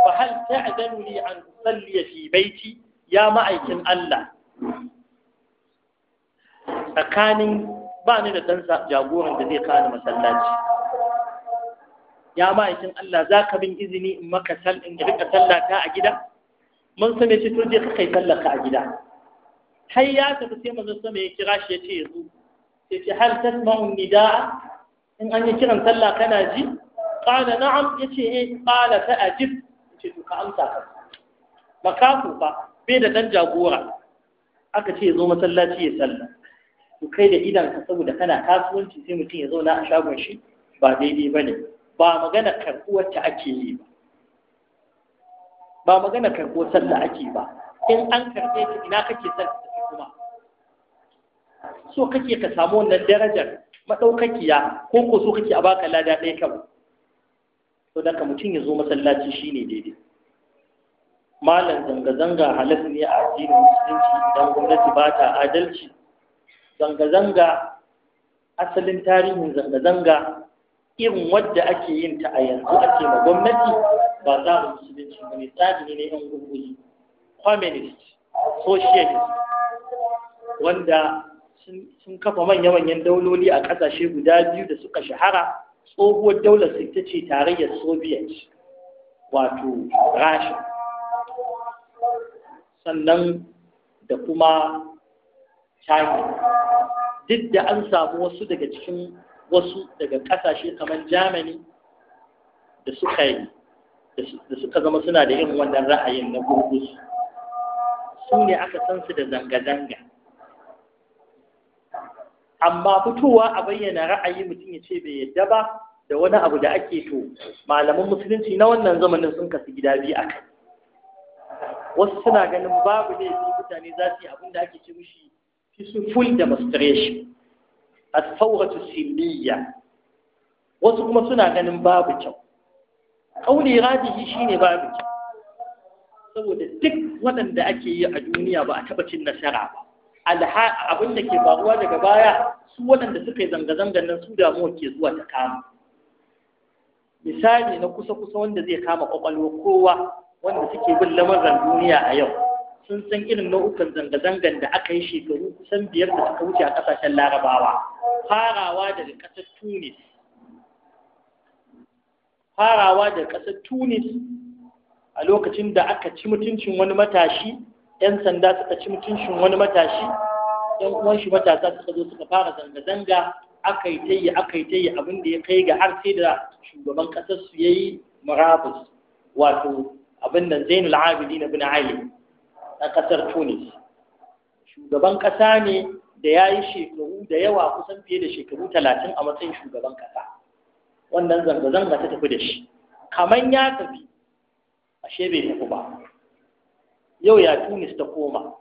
fa hal ta'danu li an usalli fi baiti ya ma'aikin Allah tsakanin ba ni da ɗan jagoran da zai kawo masallaci ya ma'aikin Allah za ka bin izini in maka in rika sallata a gida mun same shi to je ka kai sallaka a gida har ya tafi sai manzon sama ya kira shi ya ce yanzu sai ce hal tasma'u nida'a in an yi kiran sallah kana ji qala na'am ya yace eh qala fa ajib yace to ka amsa ka makafu fa bai da dan jagora aka ce zo masallaci ya sallah Ku kai da idan ka saboda kana kasuwanci sai mutum ya zauna a shagon shi ba daidai ba ne ba magana karkuwar ta ake yi ba ba magana karɓuwar sallah ake ba in an karɓe ka ina kake son ka kuma so kake ka samu wannan darajar maɗaukakiya ko ko so kake a baka lada ɗaya kawai so da ka mutum ya zo masallaci shine daidai malam zanga-zanga halas ne a addinin musulunci idan gwamnati ba ta adalci zanga-zanga asalin tarihin zanga-zanga irin wadda ake yin ta a yanzu ake ma gwamnati ba za mu musulunci ba ne tsari ne yan gurguri communist socialist wanda sun kafa manya-manyan dauloli a ƙasashe guda biyu da suka shahara tsohuwar daular su ta ce tarayyar soviet wato rasha sannan da kuma taki duk da an samu wasu daga cikin wasu daga ƙasashe kamar Jamani da suka yi da suka zama suna da irin wannan ra'ayin na gurgusu su ne aka san su da zanga-zanga amma fitowa a bayyana ra'ayi mutum ya ce bai yadda ba da wani abu da ake to malaman musulunci na wannan zamanin sun kasu gida biyu a kai wasu suna ganin babu laifi mutane za su yi abin da ake ce mushi full demonstration as-sawratu silmiya wasu kuma suna ganin babu kyau kauli shi shine babu kyau saboda duk waɗanda ake yi a duniya ba a taɓa cin nasara ba alha abin da ke faruwa daga baya su waɗanda suka yi zanga-zangar nan su damuwa ke zuwa ta kama misali na kusa-kusa wanda zai kama kwakwalwa kowa wanda suke bin lamarin duniya a yau sun san irin nau'ukan zanga-zangan da aka yi shekaru kusan biyar da suka wuce a kasashen larabawa farawa daga kasar tunis farawa daga kasar tunis a lokacin da aka ci mutuncin wani matashi 'yan sanda suka ci mutuncin wani matashi 'yan uwan shi matasa suka zo suka fara zanga-zanga aka yi tayi aka yi tayi abin da ya kai ga har sai da shugaban ƙasar su yayi murabus wato abin nan zainul abidin ibn ali Na ƙasar tunis shugaban ƙasa ne da ya yi shekaru da yawa kusan fiye da shekaru talatin a matsayin shugaban ƙasa wannan zanga-zanga ta tafi da shi kamar ya tafi ashe bai tafi ba yau ya tunis ta koma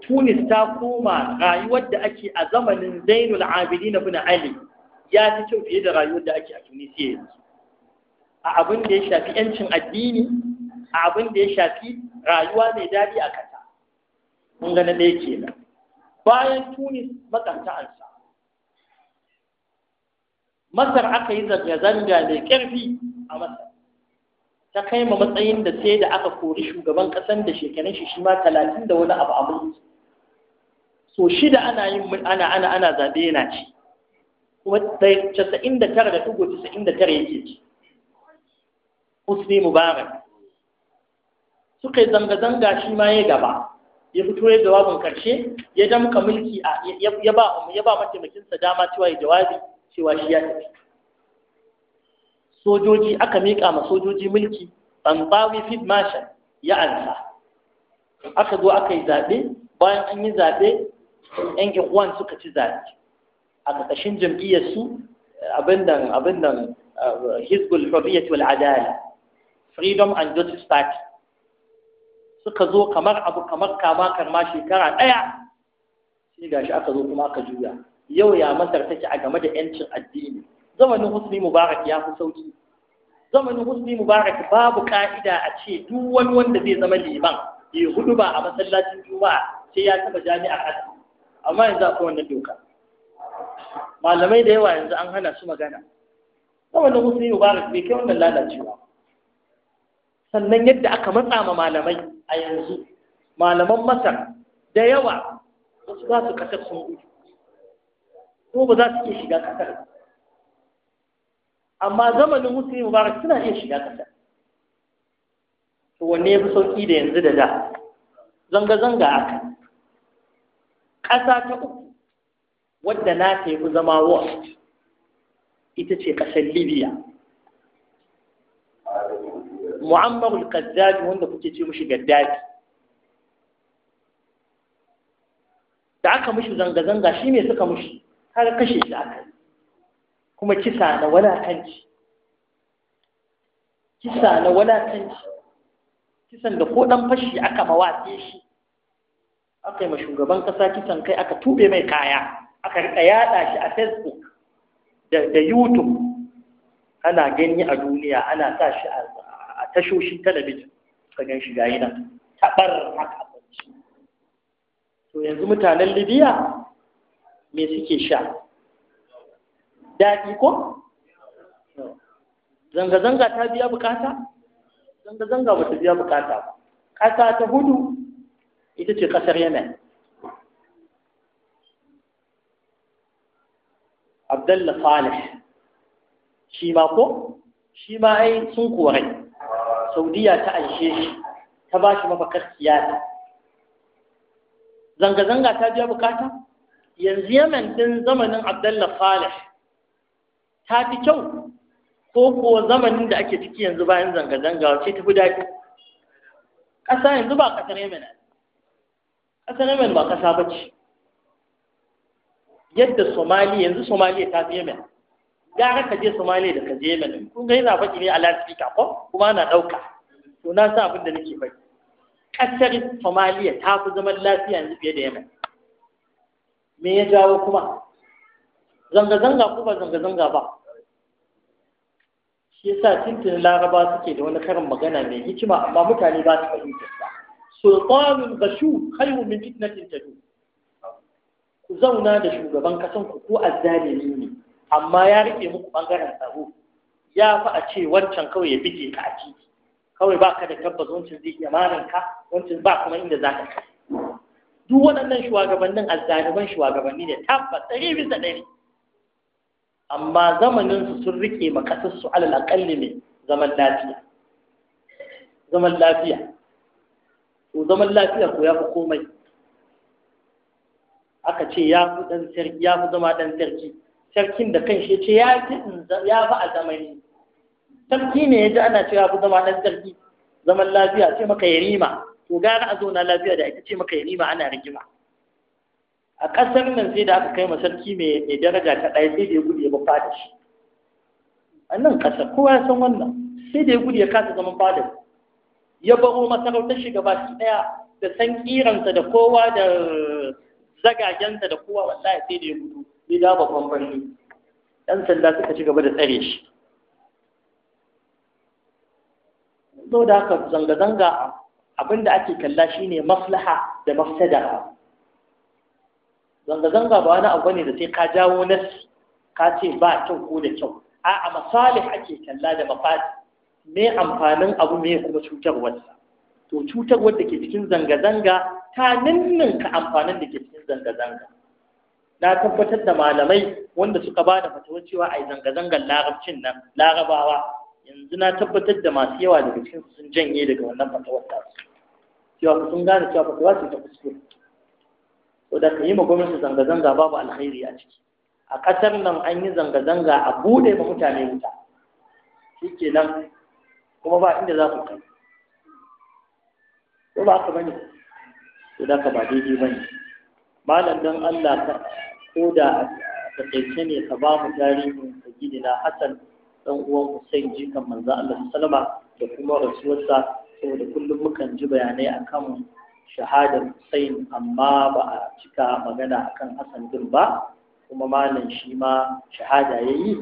tunis ta koma rayuwar da ake a zamanin zainul na ibn ali ya fi kyau fiye da rayuwar da ake a tunisiya yanzu a abin da ya shafi yancin addini a abin da ya shafi rayuwa mai daɗi a ƙasa mun ga na yake nan bayan tunis makanta ansa masar aka yi zanga-zanga mai ƙarfi a masar ta kai ma matsayin da sai da aka kori shugaban ƙasan da shekarun shi shi ma talatin da wani abu a mulki so shida ana yin ana ana ana zaɓe yana ci kuma casa'in da tara da ɗigo casa'in da tara yake ci husni mubarak suka yi zanga-zanga shi ma ya gaba ya fito ya jawabin karshe ya damka mulki ya ba mataimakin sa mataimakinsa dama cewa ya jawabi cewa shi ya tafi sojoji aka miƙa ma sojoji mulki tsantsawi fit marshal ya ansa aka zo aka yi zaɓe bayan an yi zaɓe yan ikwan suka ci zaɓe a ƙarƙashin jam'iyyarsu su abin nan uh, hizbul hurriyat wal adala freedom and justice party suka zo kamar abu kamar kama karma shekara ɗaya sai gashi aka zo kuma aka juya yau ya masar take a game da yancin addini zamanin husni mubarak ya fi sauki zamanin husni mubarak babu ka'ida a ce duk wani wanda zai zama liman ya hudu ba a masallacin juma'a sai ya taba jami'ar azumi amma yanzu akwai wannan doka malamai da yawa yanzu an hana su magana zamanin husni mubarak bai kai wannan lalacewa sannan yadda aka matsa ma malamai a yanzu malaman masar da yawa wasu za su kasar sun gudu ko ba za su iya shiga kasar amma zamanin musulmi mubarak suna iya shiga kasar wanne ya fi sauƙi da yanzu da da zanga-zanga a kan ƙasa ta uku wadda na ta yi zama wa ita ce ƙasar libya mu'ammar al wanda kuke ce mushi gaddafi da aka mushi zanga-zanga shi ne suka mushi har kashe shi aka kuma kisa na walakanci kisa na walakanci kisan da ko dan fashi aka mawatse shi aka yi ma shugaban kasa kisan kai aka tube mai kaya aka rika yada shi a facebook da youtube ana gani a duniya ana sa shi a tashoshin talabijin ka gan shi gayi nan taɓar haka to yanzu mutanen libya me suke sha daɗi ko zanga-zanga ta biya bukata zanga-zanga ba ta biya bukata ba ƙasa ta hudu ita ce ƙasar yemen Abdullahi salih shi ma ko shi ma ai sun rai saudiya ta anshe shi ta ba shi mafakar siyasa zanga-zanga ta biya bukata yanzu yamen din zamanin abdullahi falih ta fi kyau ko ko zamanin da ake ciki yanzu bayan zanga-zanga ce ta fi daɗi ƙasa yanzu ba ƙasar yamen ƙasar yamen ba ƙasa ba ce yadda somaliya yanzu somaliya ta fi yamen gara ka je Somalia da ka je Yemen kun ga yana faɗi ne a lasfika ko kuma na ɗauka to na san abin da nake faɗi ƙasar Somalia ta fi zaman lafiya yanzu fiye da Yemen me ya jawo kuma zanga-zanga ko ba zanga-zanga ba shi yasa tintin laraba suke da wani karin magana mai hikima amma mutane ba su fahimta ba sultanul bashu khairu min fitnatin tadu ku zauna da shugaban kasan ku ko azzalimi ne amma ya rike muku bangaren tsaro ya fi a ce wancan kawai ya bige ka a titi kawai ba ka da tabbas wancan zai iya marinka wancan ba kuma inda za ka kai duk waɗannan shugabannin azzaliban shugabanni ne tabbas ɗari bisa ɗari amma zamaninsu sun rike ma ƙasarsu alal aƙalli ne zaman lafiya zaman lafiya to zaman lafiya ko ya fi komai aka ce ya fi zama ɗan sarki sarkin da kan shi ce ya fi a zamani sarki ne ya ji ana cewa fi zama ɗan sarki zaman lafiya ce maka yarima to gara a zauna lafiya da ake ce maka yarima ana rigima a ƙasar nan sai da aka kai ma sarki mai daraja ta ɗaya sai da ya gudu ya ba da shi a nan ƙasar kowa ya san wannan sai da ya gudu ya kasa zaman fadar ya baro masarautar shiga gaba shi ɗaya da san kiransa da kowa da zagagensa da kowa wallahi sai da ya gudu sai da babban birni ɗan sanda suka ci gaba da tsare shi zo da haka zanga-zanga abinda ake kalla shine maslaha da mafsada zanga-zanga ba wani abu ne da sai ka jawo nasi ka ce ba kyau ko da kyau a'a masalih ake kalla da mafadi me amfanin abu me kuma cutarwarsa to cutarwar da ke cikin zanga-zanga ta ninninka amfanin da ke cikin zanga-zanga na tabbatar da malamai wanda suka ba da fatawar cewa a yi zanga-zangar larabcin nan larabawa yanzu na tabbatar da masu yawa daga cikin sun janye daga wannan fatawar ta su cewa sun gane cewa fatawa ce ta kuskure to da ka yi ma gwamnati zanga-zanga babu alkhairi a ciki a ƙasar nan an yi zanga-zanga a buɗe ma mutane wuta shi ke nan kuma ba inda za ku kai ko ba ka bane ko da ka ba daidai bane malam don Allah ka ko da a takaice ne ka ba mu tarihin sayyidina Hassan dan uwan Hussein jikan manzo Allah sallama da kuma rasuwarsa saboda kullum mukan ji bayanai akan shahadar Hussein amma ba a cika magana akan Hassan din ba kuma malam shi ma shahada yi?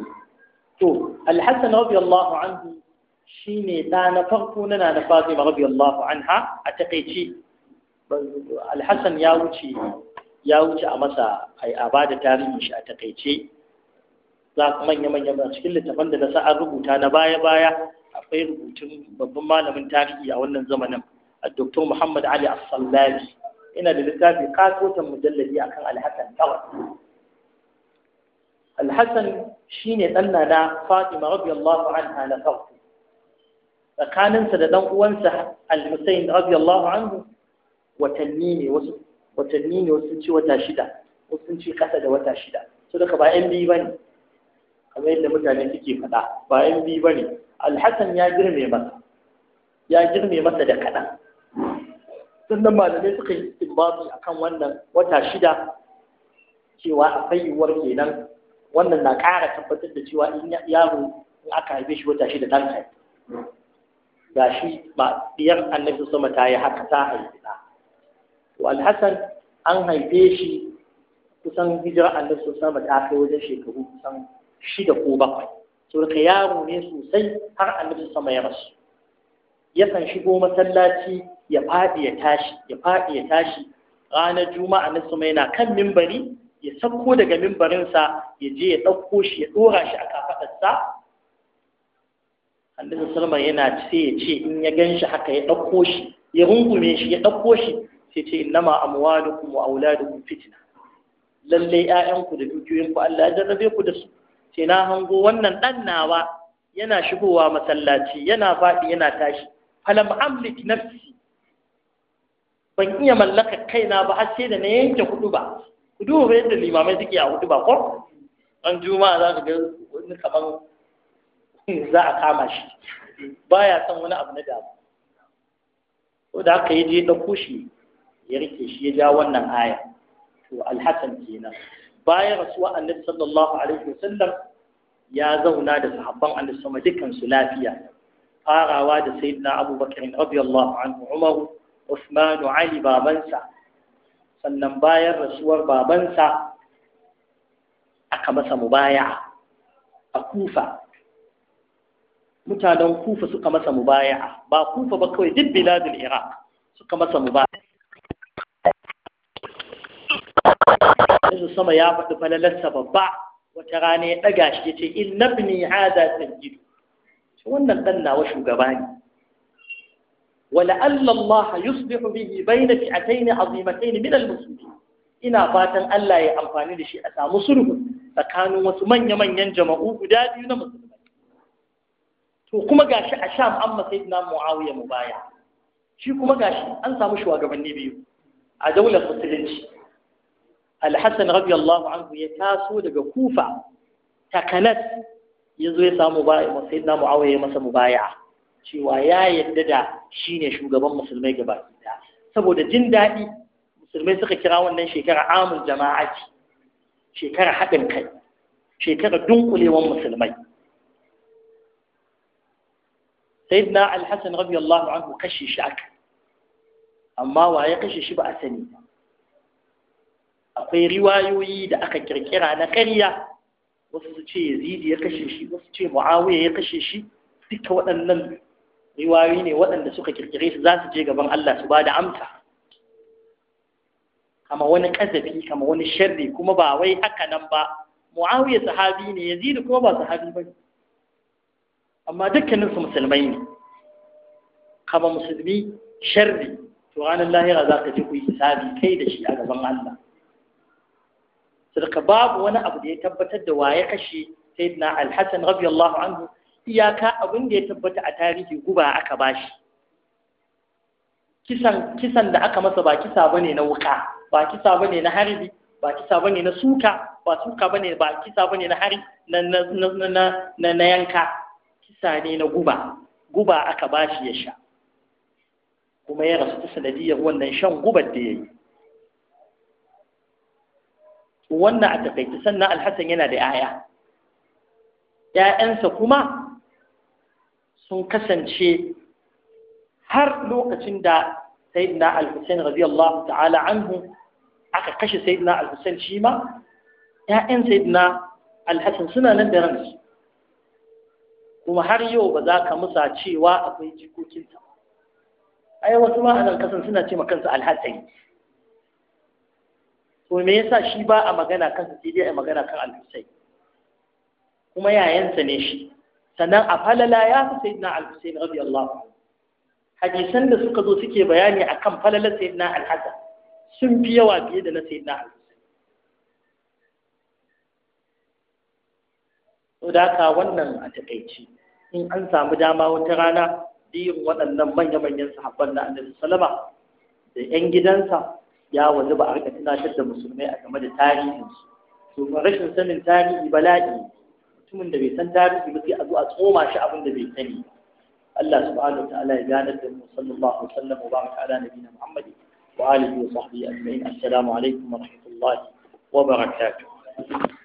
to Al-Hassan radiyallahu anhu ne ɗa na farko na na Fatima radiyallahu anha a takaice Al-Hassan ya wuce ya wuce a masa a ba da tarihin shi a takaice za ku manya-manya a cikin littafan da na sa'ar rubuta na baya-baya akwai rubutun babban malamin tarihi a wannan zamanin a doktor muhammad ali as ina da littafi katotan mujallali akan alhassan kawai alhassan shi ne ɗan na fatima radiyallahu anha na farko tsakaninsa da ɗan uwansa al-husayn radiyallahu anhu watanni ne wasu watanni ne wasu ce wata shida wasu ce kasa da wata shida so daga ba yan biyu bane kamar yadda mutane suke faɗa ba yan biyu bane alhassan ya girme masa ya girme masa da kaɗan sannan malamai suka yi a akan wannan wata shida cewa akwai yiwuwar kenan wannan na ƙara tabbatar da cewa in yaro in aka haife shi wata shida dan kai ga shi ba diyar annabi sama ta yi haka ta haifi to alhassan an haife shi kusan hijira annabi sallallahu ta kai wajen shekaru kusan shida ko bakwai to yaro ne sosai har annabi sama ya rasu yakan shigo masallaci ya faɗi ya tashi ya faɗi ya tashi ranar juma'a na sama yana kan mimbari ya sauko daga mimbarinsa ya je ya ɗauko shi ya ɗora shi a kafaɗarsa annabi yana ce ya ce in ya ganshi shi haka ya ɗauko shi ya rungume shi ya ɗauko shi sai ce innama amwalukum wa auladukum fitna lalle ƴaƴanku da dukiyoyinku Allah ya jarrabe ku da su sai na hango wannan dan nawa yana shigowa masallaci yana faɗi yana tashi falam amlik nafsi ban iya mallaka kaina ba har sai da na yanke kudu ba kudu ba yadda limamai suke a kudu ba ko an juma'a za ka ga wani kaman za a kama shi baya son wani abu na damu ko da aka yi je ɗauko shi ya rike shi ya ja wannan aya to alhassan kenan bayan rasuwa annabi sallallahu alaihi wasallam ya zauna da sahabban annabi sama dukkan su lafiya farawa da sayyidina abubakar radiyallahu anhu umar usman ali babansa sannan bayan rasuwar babansa aka masa mubaya a kufa mutanen kufa suka masa mubaya ba kufa ba kawai duk biladul iraq suka masa mubaya annabi sama ya faɗi falalarsa babba wata rana ya ɗaga shi ya ce in nabni hada sayyidu wannan ɗan nawa shugaba ne ولعل الله يصلح به بين فئتين عظيمتين من المسلمين ina fatan Allah ya amfani da shi a samu sulhu tsakanin wasu manya-manyan jama'u guda biyu na musulmai to kuma gashi a sham an masai na muawiya mu baya shi kuma gashi an samu shugabanni biyu a daular musulunci alhassan radiyallahu anhu ya taso daga kufa takanas ya zo ya samu baya, sai na mu'awiya ya masa mu baya. cewa ya yadda da shi ne shugaban musulmai gaba ɗaya saboda jin daɗi musulmai suka kira wannan shekara amul jama'a ce shekara haɗin kai shekara dunkulewan musulmai sayyidina alhassan radiyallahu anhu kashe shi aka amma wa ya kashe shi ba a sani ba akwai riwayoyi da aka kirkira na ƙarya wasu su ce yazidi ya kashe shi wasu ce muawiya ya kashe shi duka waɗannan riwayoyi ne waɗanda suka kirkire su za su je gaban Allah su ba da amsa kama wani kazafi kama wani sharri kuma ba wai haka nan ba muawiya sahabi ne Yazidi kuma ba sahabi ba amma dukkanin su musulmai ne kama musulmi sharri to ranar lahira za ka ji ku yi hisabi kai da shi a gaban Allah daga babu wani abu da ya tabbatar da waye kashe Sayyidina Al-Hassan radiyallahu anhu iyaka abin da ya tabbata a tarihi guba aka bashi. Kisan kisan da aka masa ba kisa bane na wuka, ba kisa bane na harbi, ba kisa bane na suka, ba suka bane ba kisa bane na hari na na na na na yanka. Kisa ne na guba, guba aka bashi ya sha. Kuma ya rasu ta sanadiyar wannan shan gubar da ya yi. wannan a takaice sannan alhassan yana da 'ya'ya ‘ya'yansa kuma sun kasance har lokacin da Sayyidina Al-Hussein radiyallahu ta'ala anhu aka kashe Sayyidina Al-Hussein shi ma ‘ya'yan Sayyidina Al-Hassan suna nan da ransu kuma har yau ba za ka musa cewa akwai jikokinsa ai wasu ma a nan kasan suna ce ma kansu Al-Hassan to me yasa shi ba a magana kansa sai dai a magana kan al-Husayn kuma yayansa ne shi sannan a falala ya fi sayyidina al-Husayn radiyallahu hadisan da suka zo suke bayani akan falalar sayyidina al-Hasan sun fi yawa fiye da na sayyidina al to da ka wannan a takaici in an samu dama wata rana biyun waɗannan manya-manyan sahabban na annabi sallama da 'yan gidansa ya wanzu ba a rika tunatar da musulmai a game da tarihinsu to rashin sanin tarihi bala'i mutumin da bai san tarihi ba sai a zo a tsoma shi abin da bai sani Allah subhanahu wa ta'ala ya ganar da mu sallallahu alaihi wasallam wa baraka ala nabiyina Muhammad wa alihi wa sahbihi ajma'in assalamu alaikum wa rahmatullahi wa barakatuh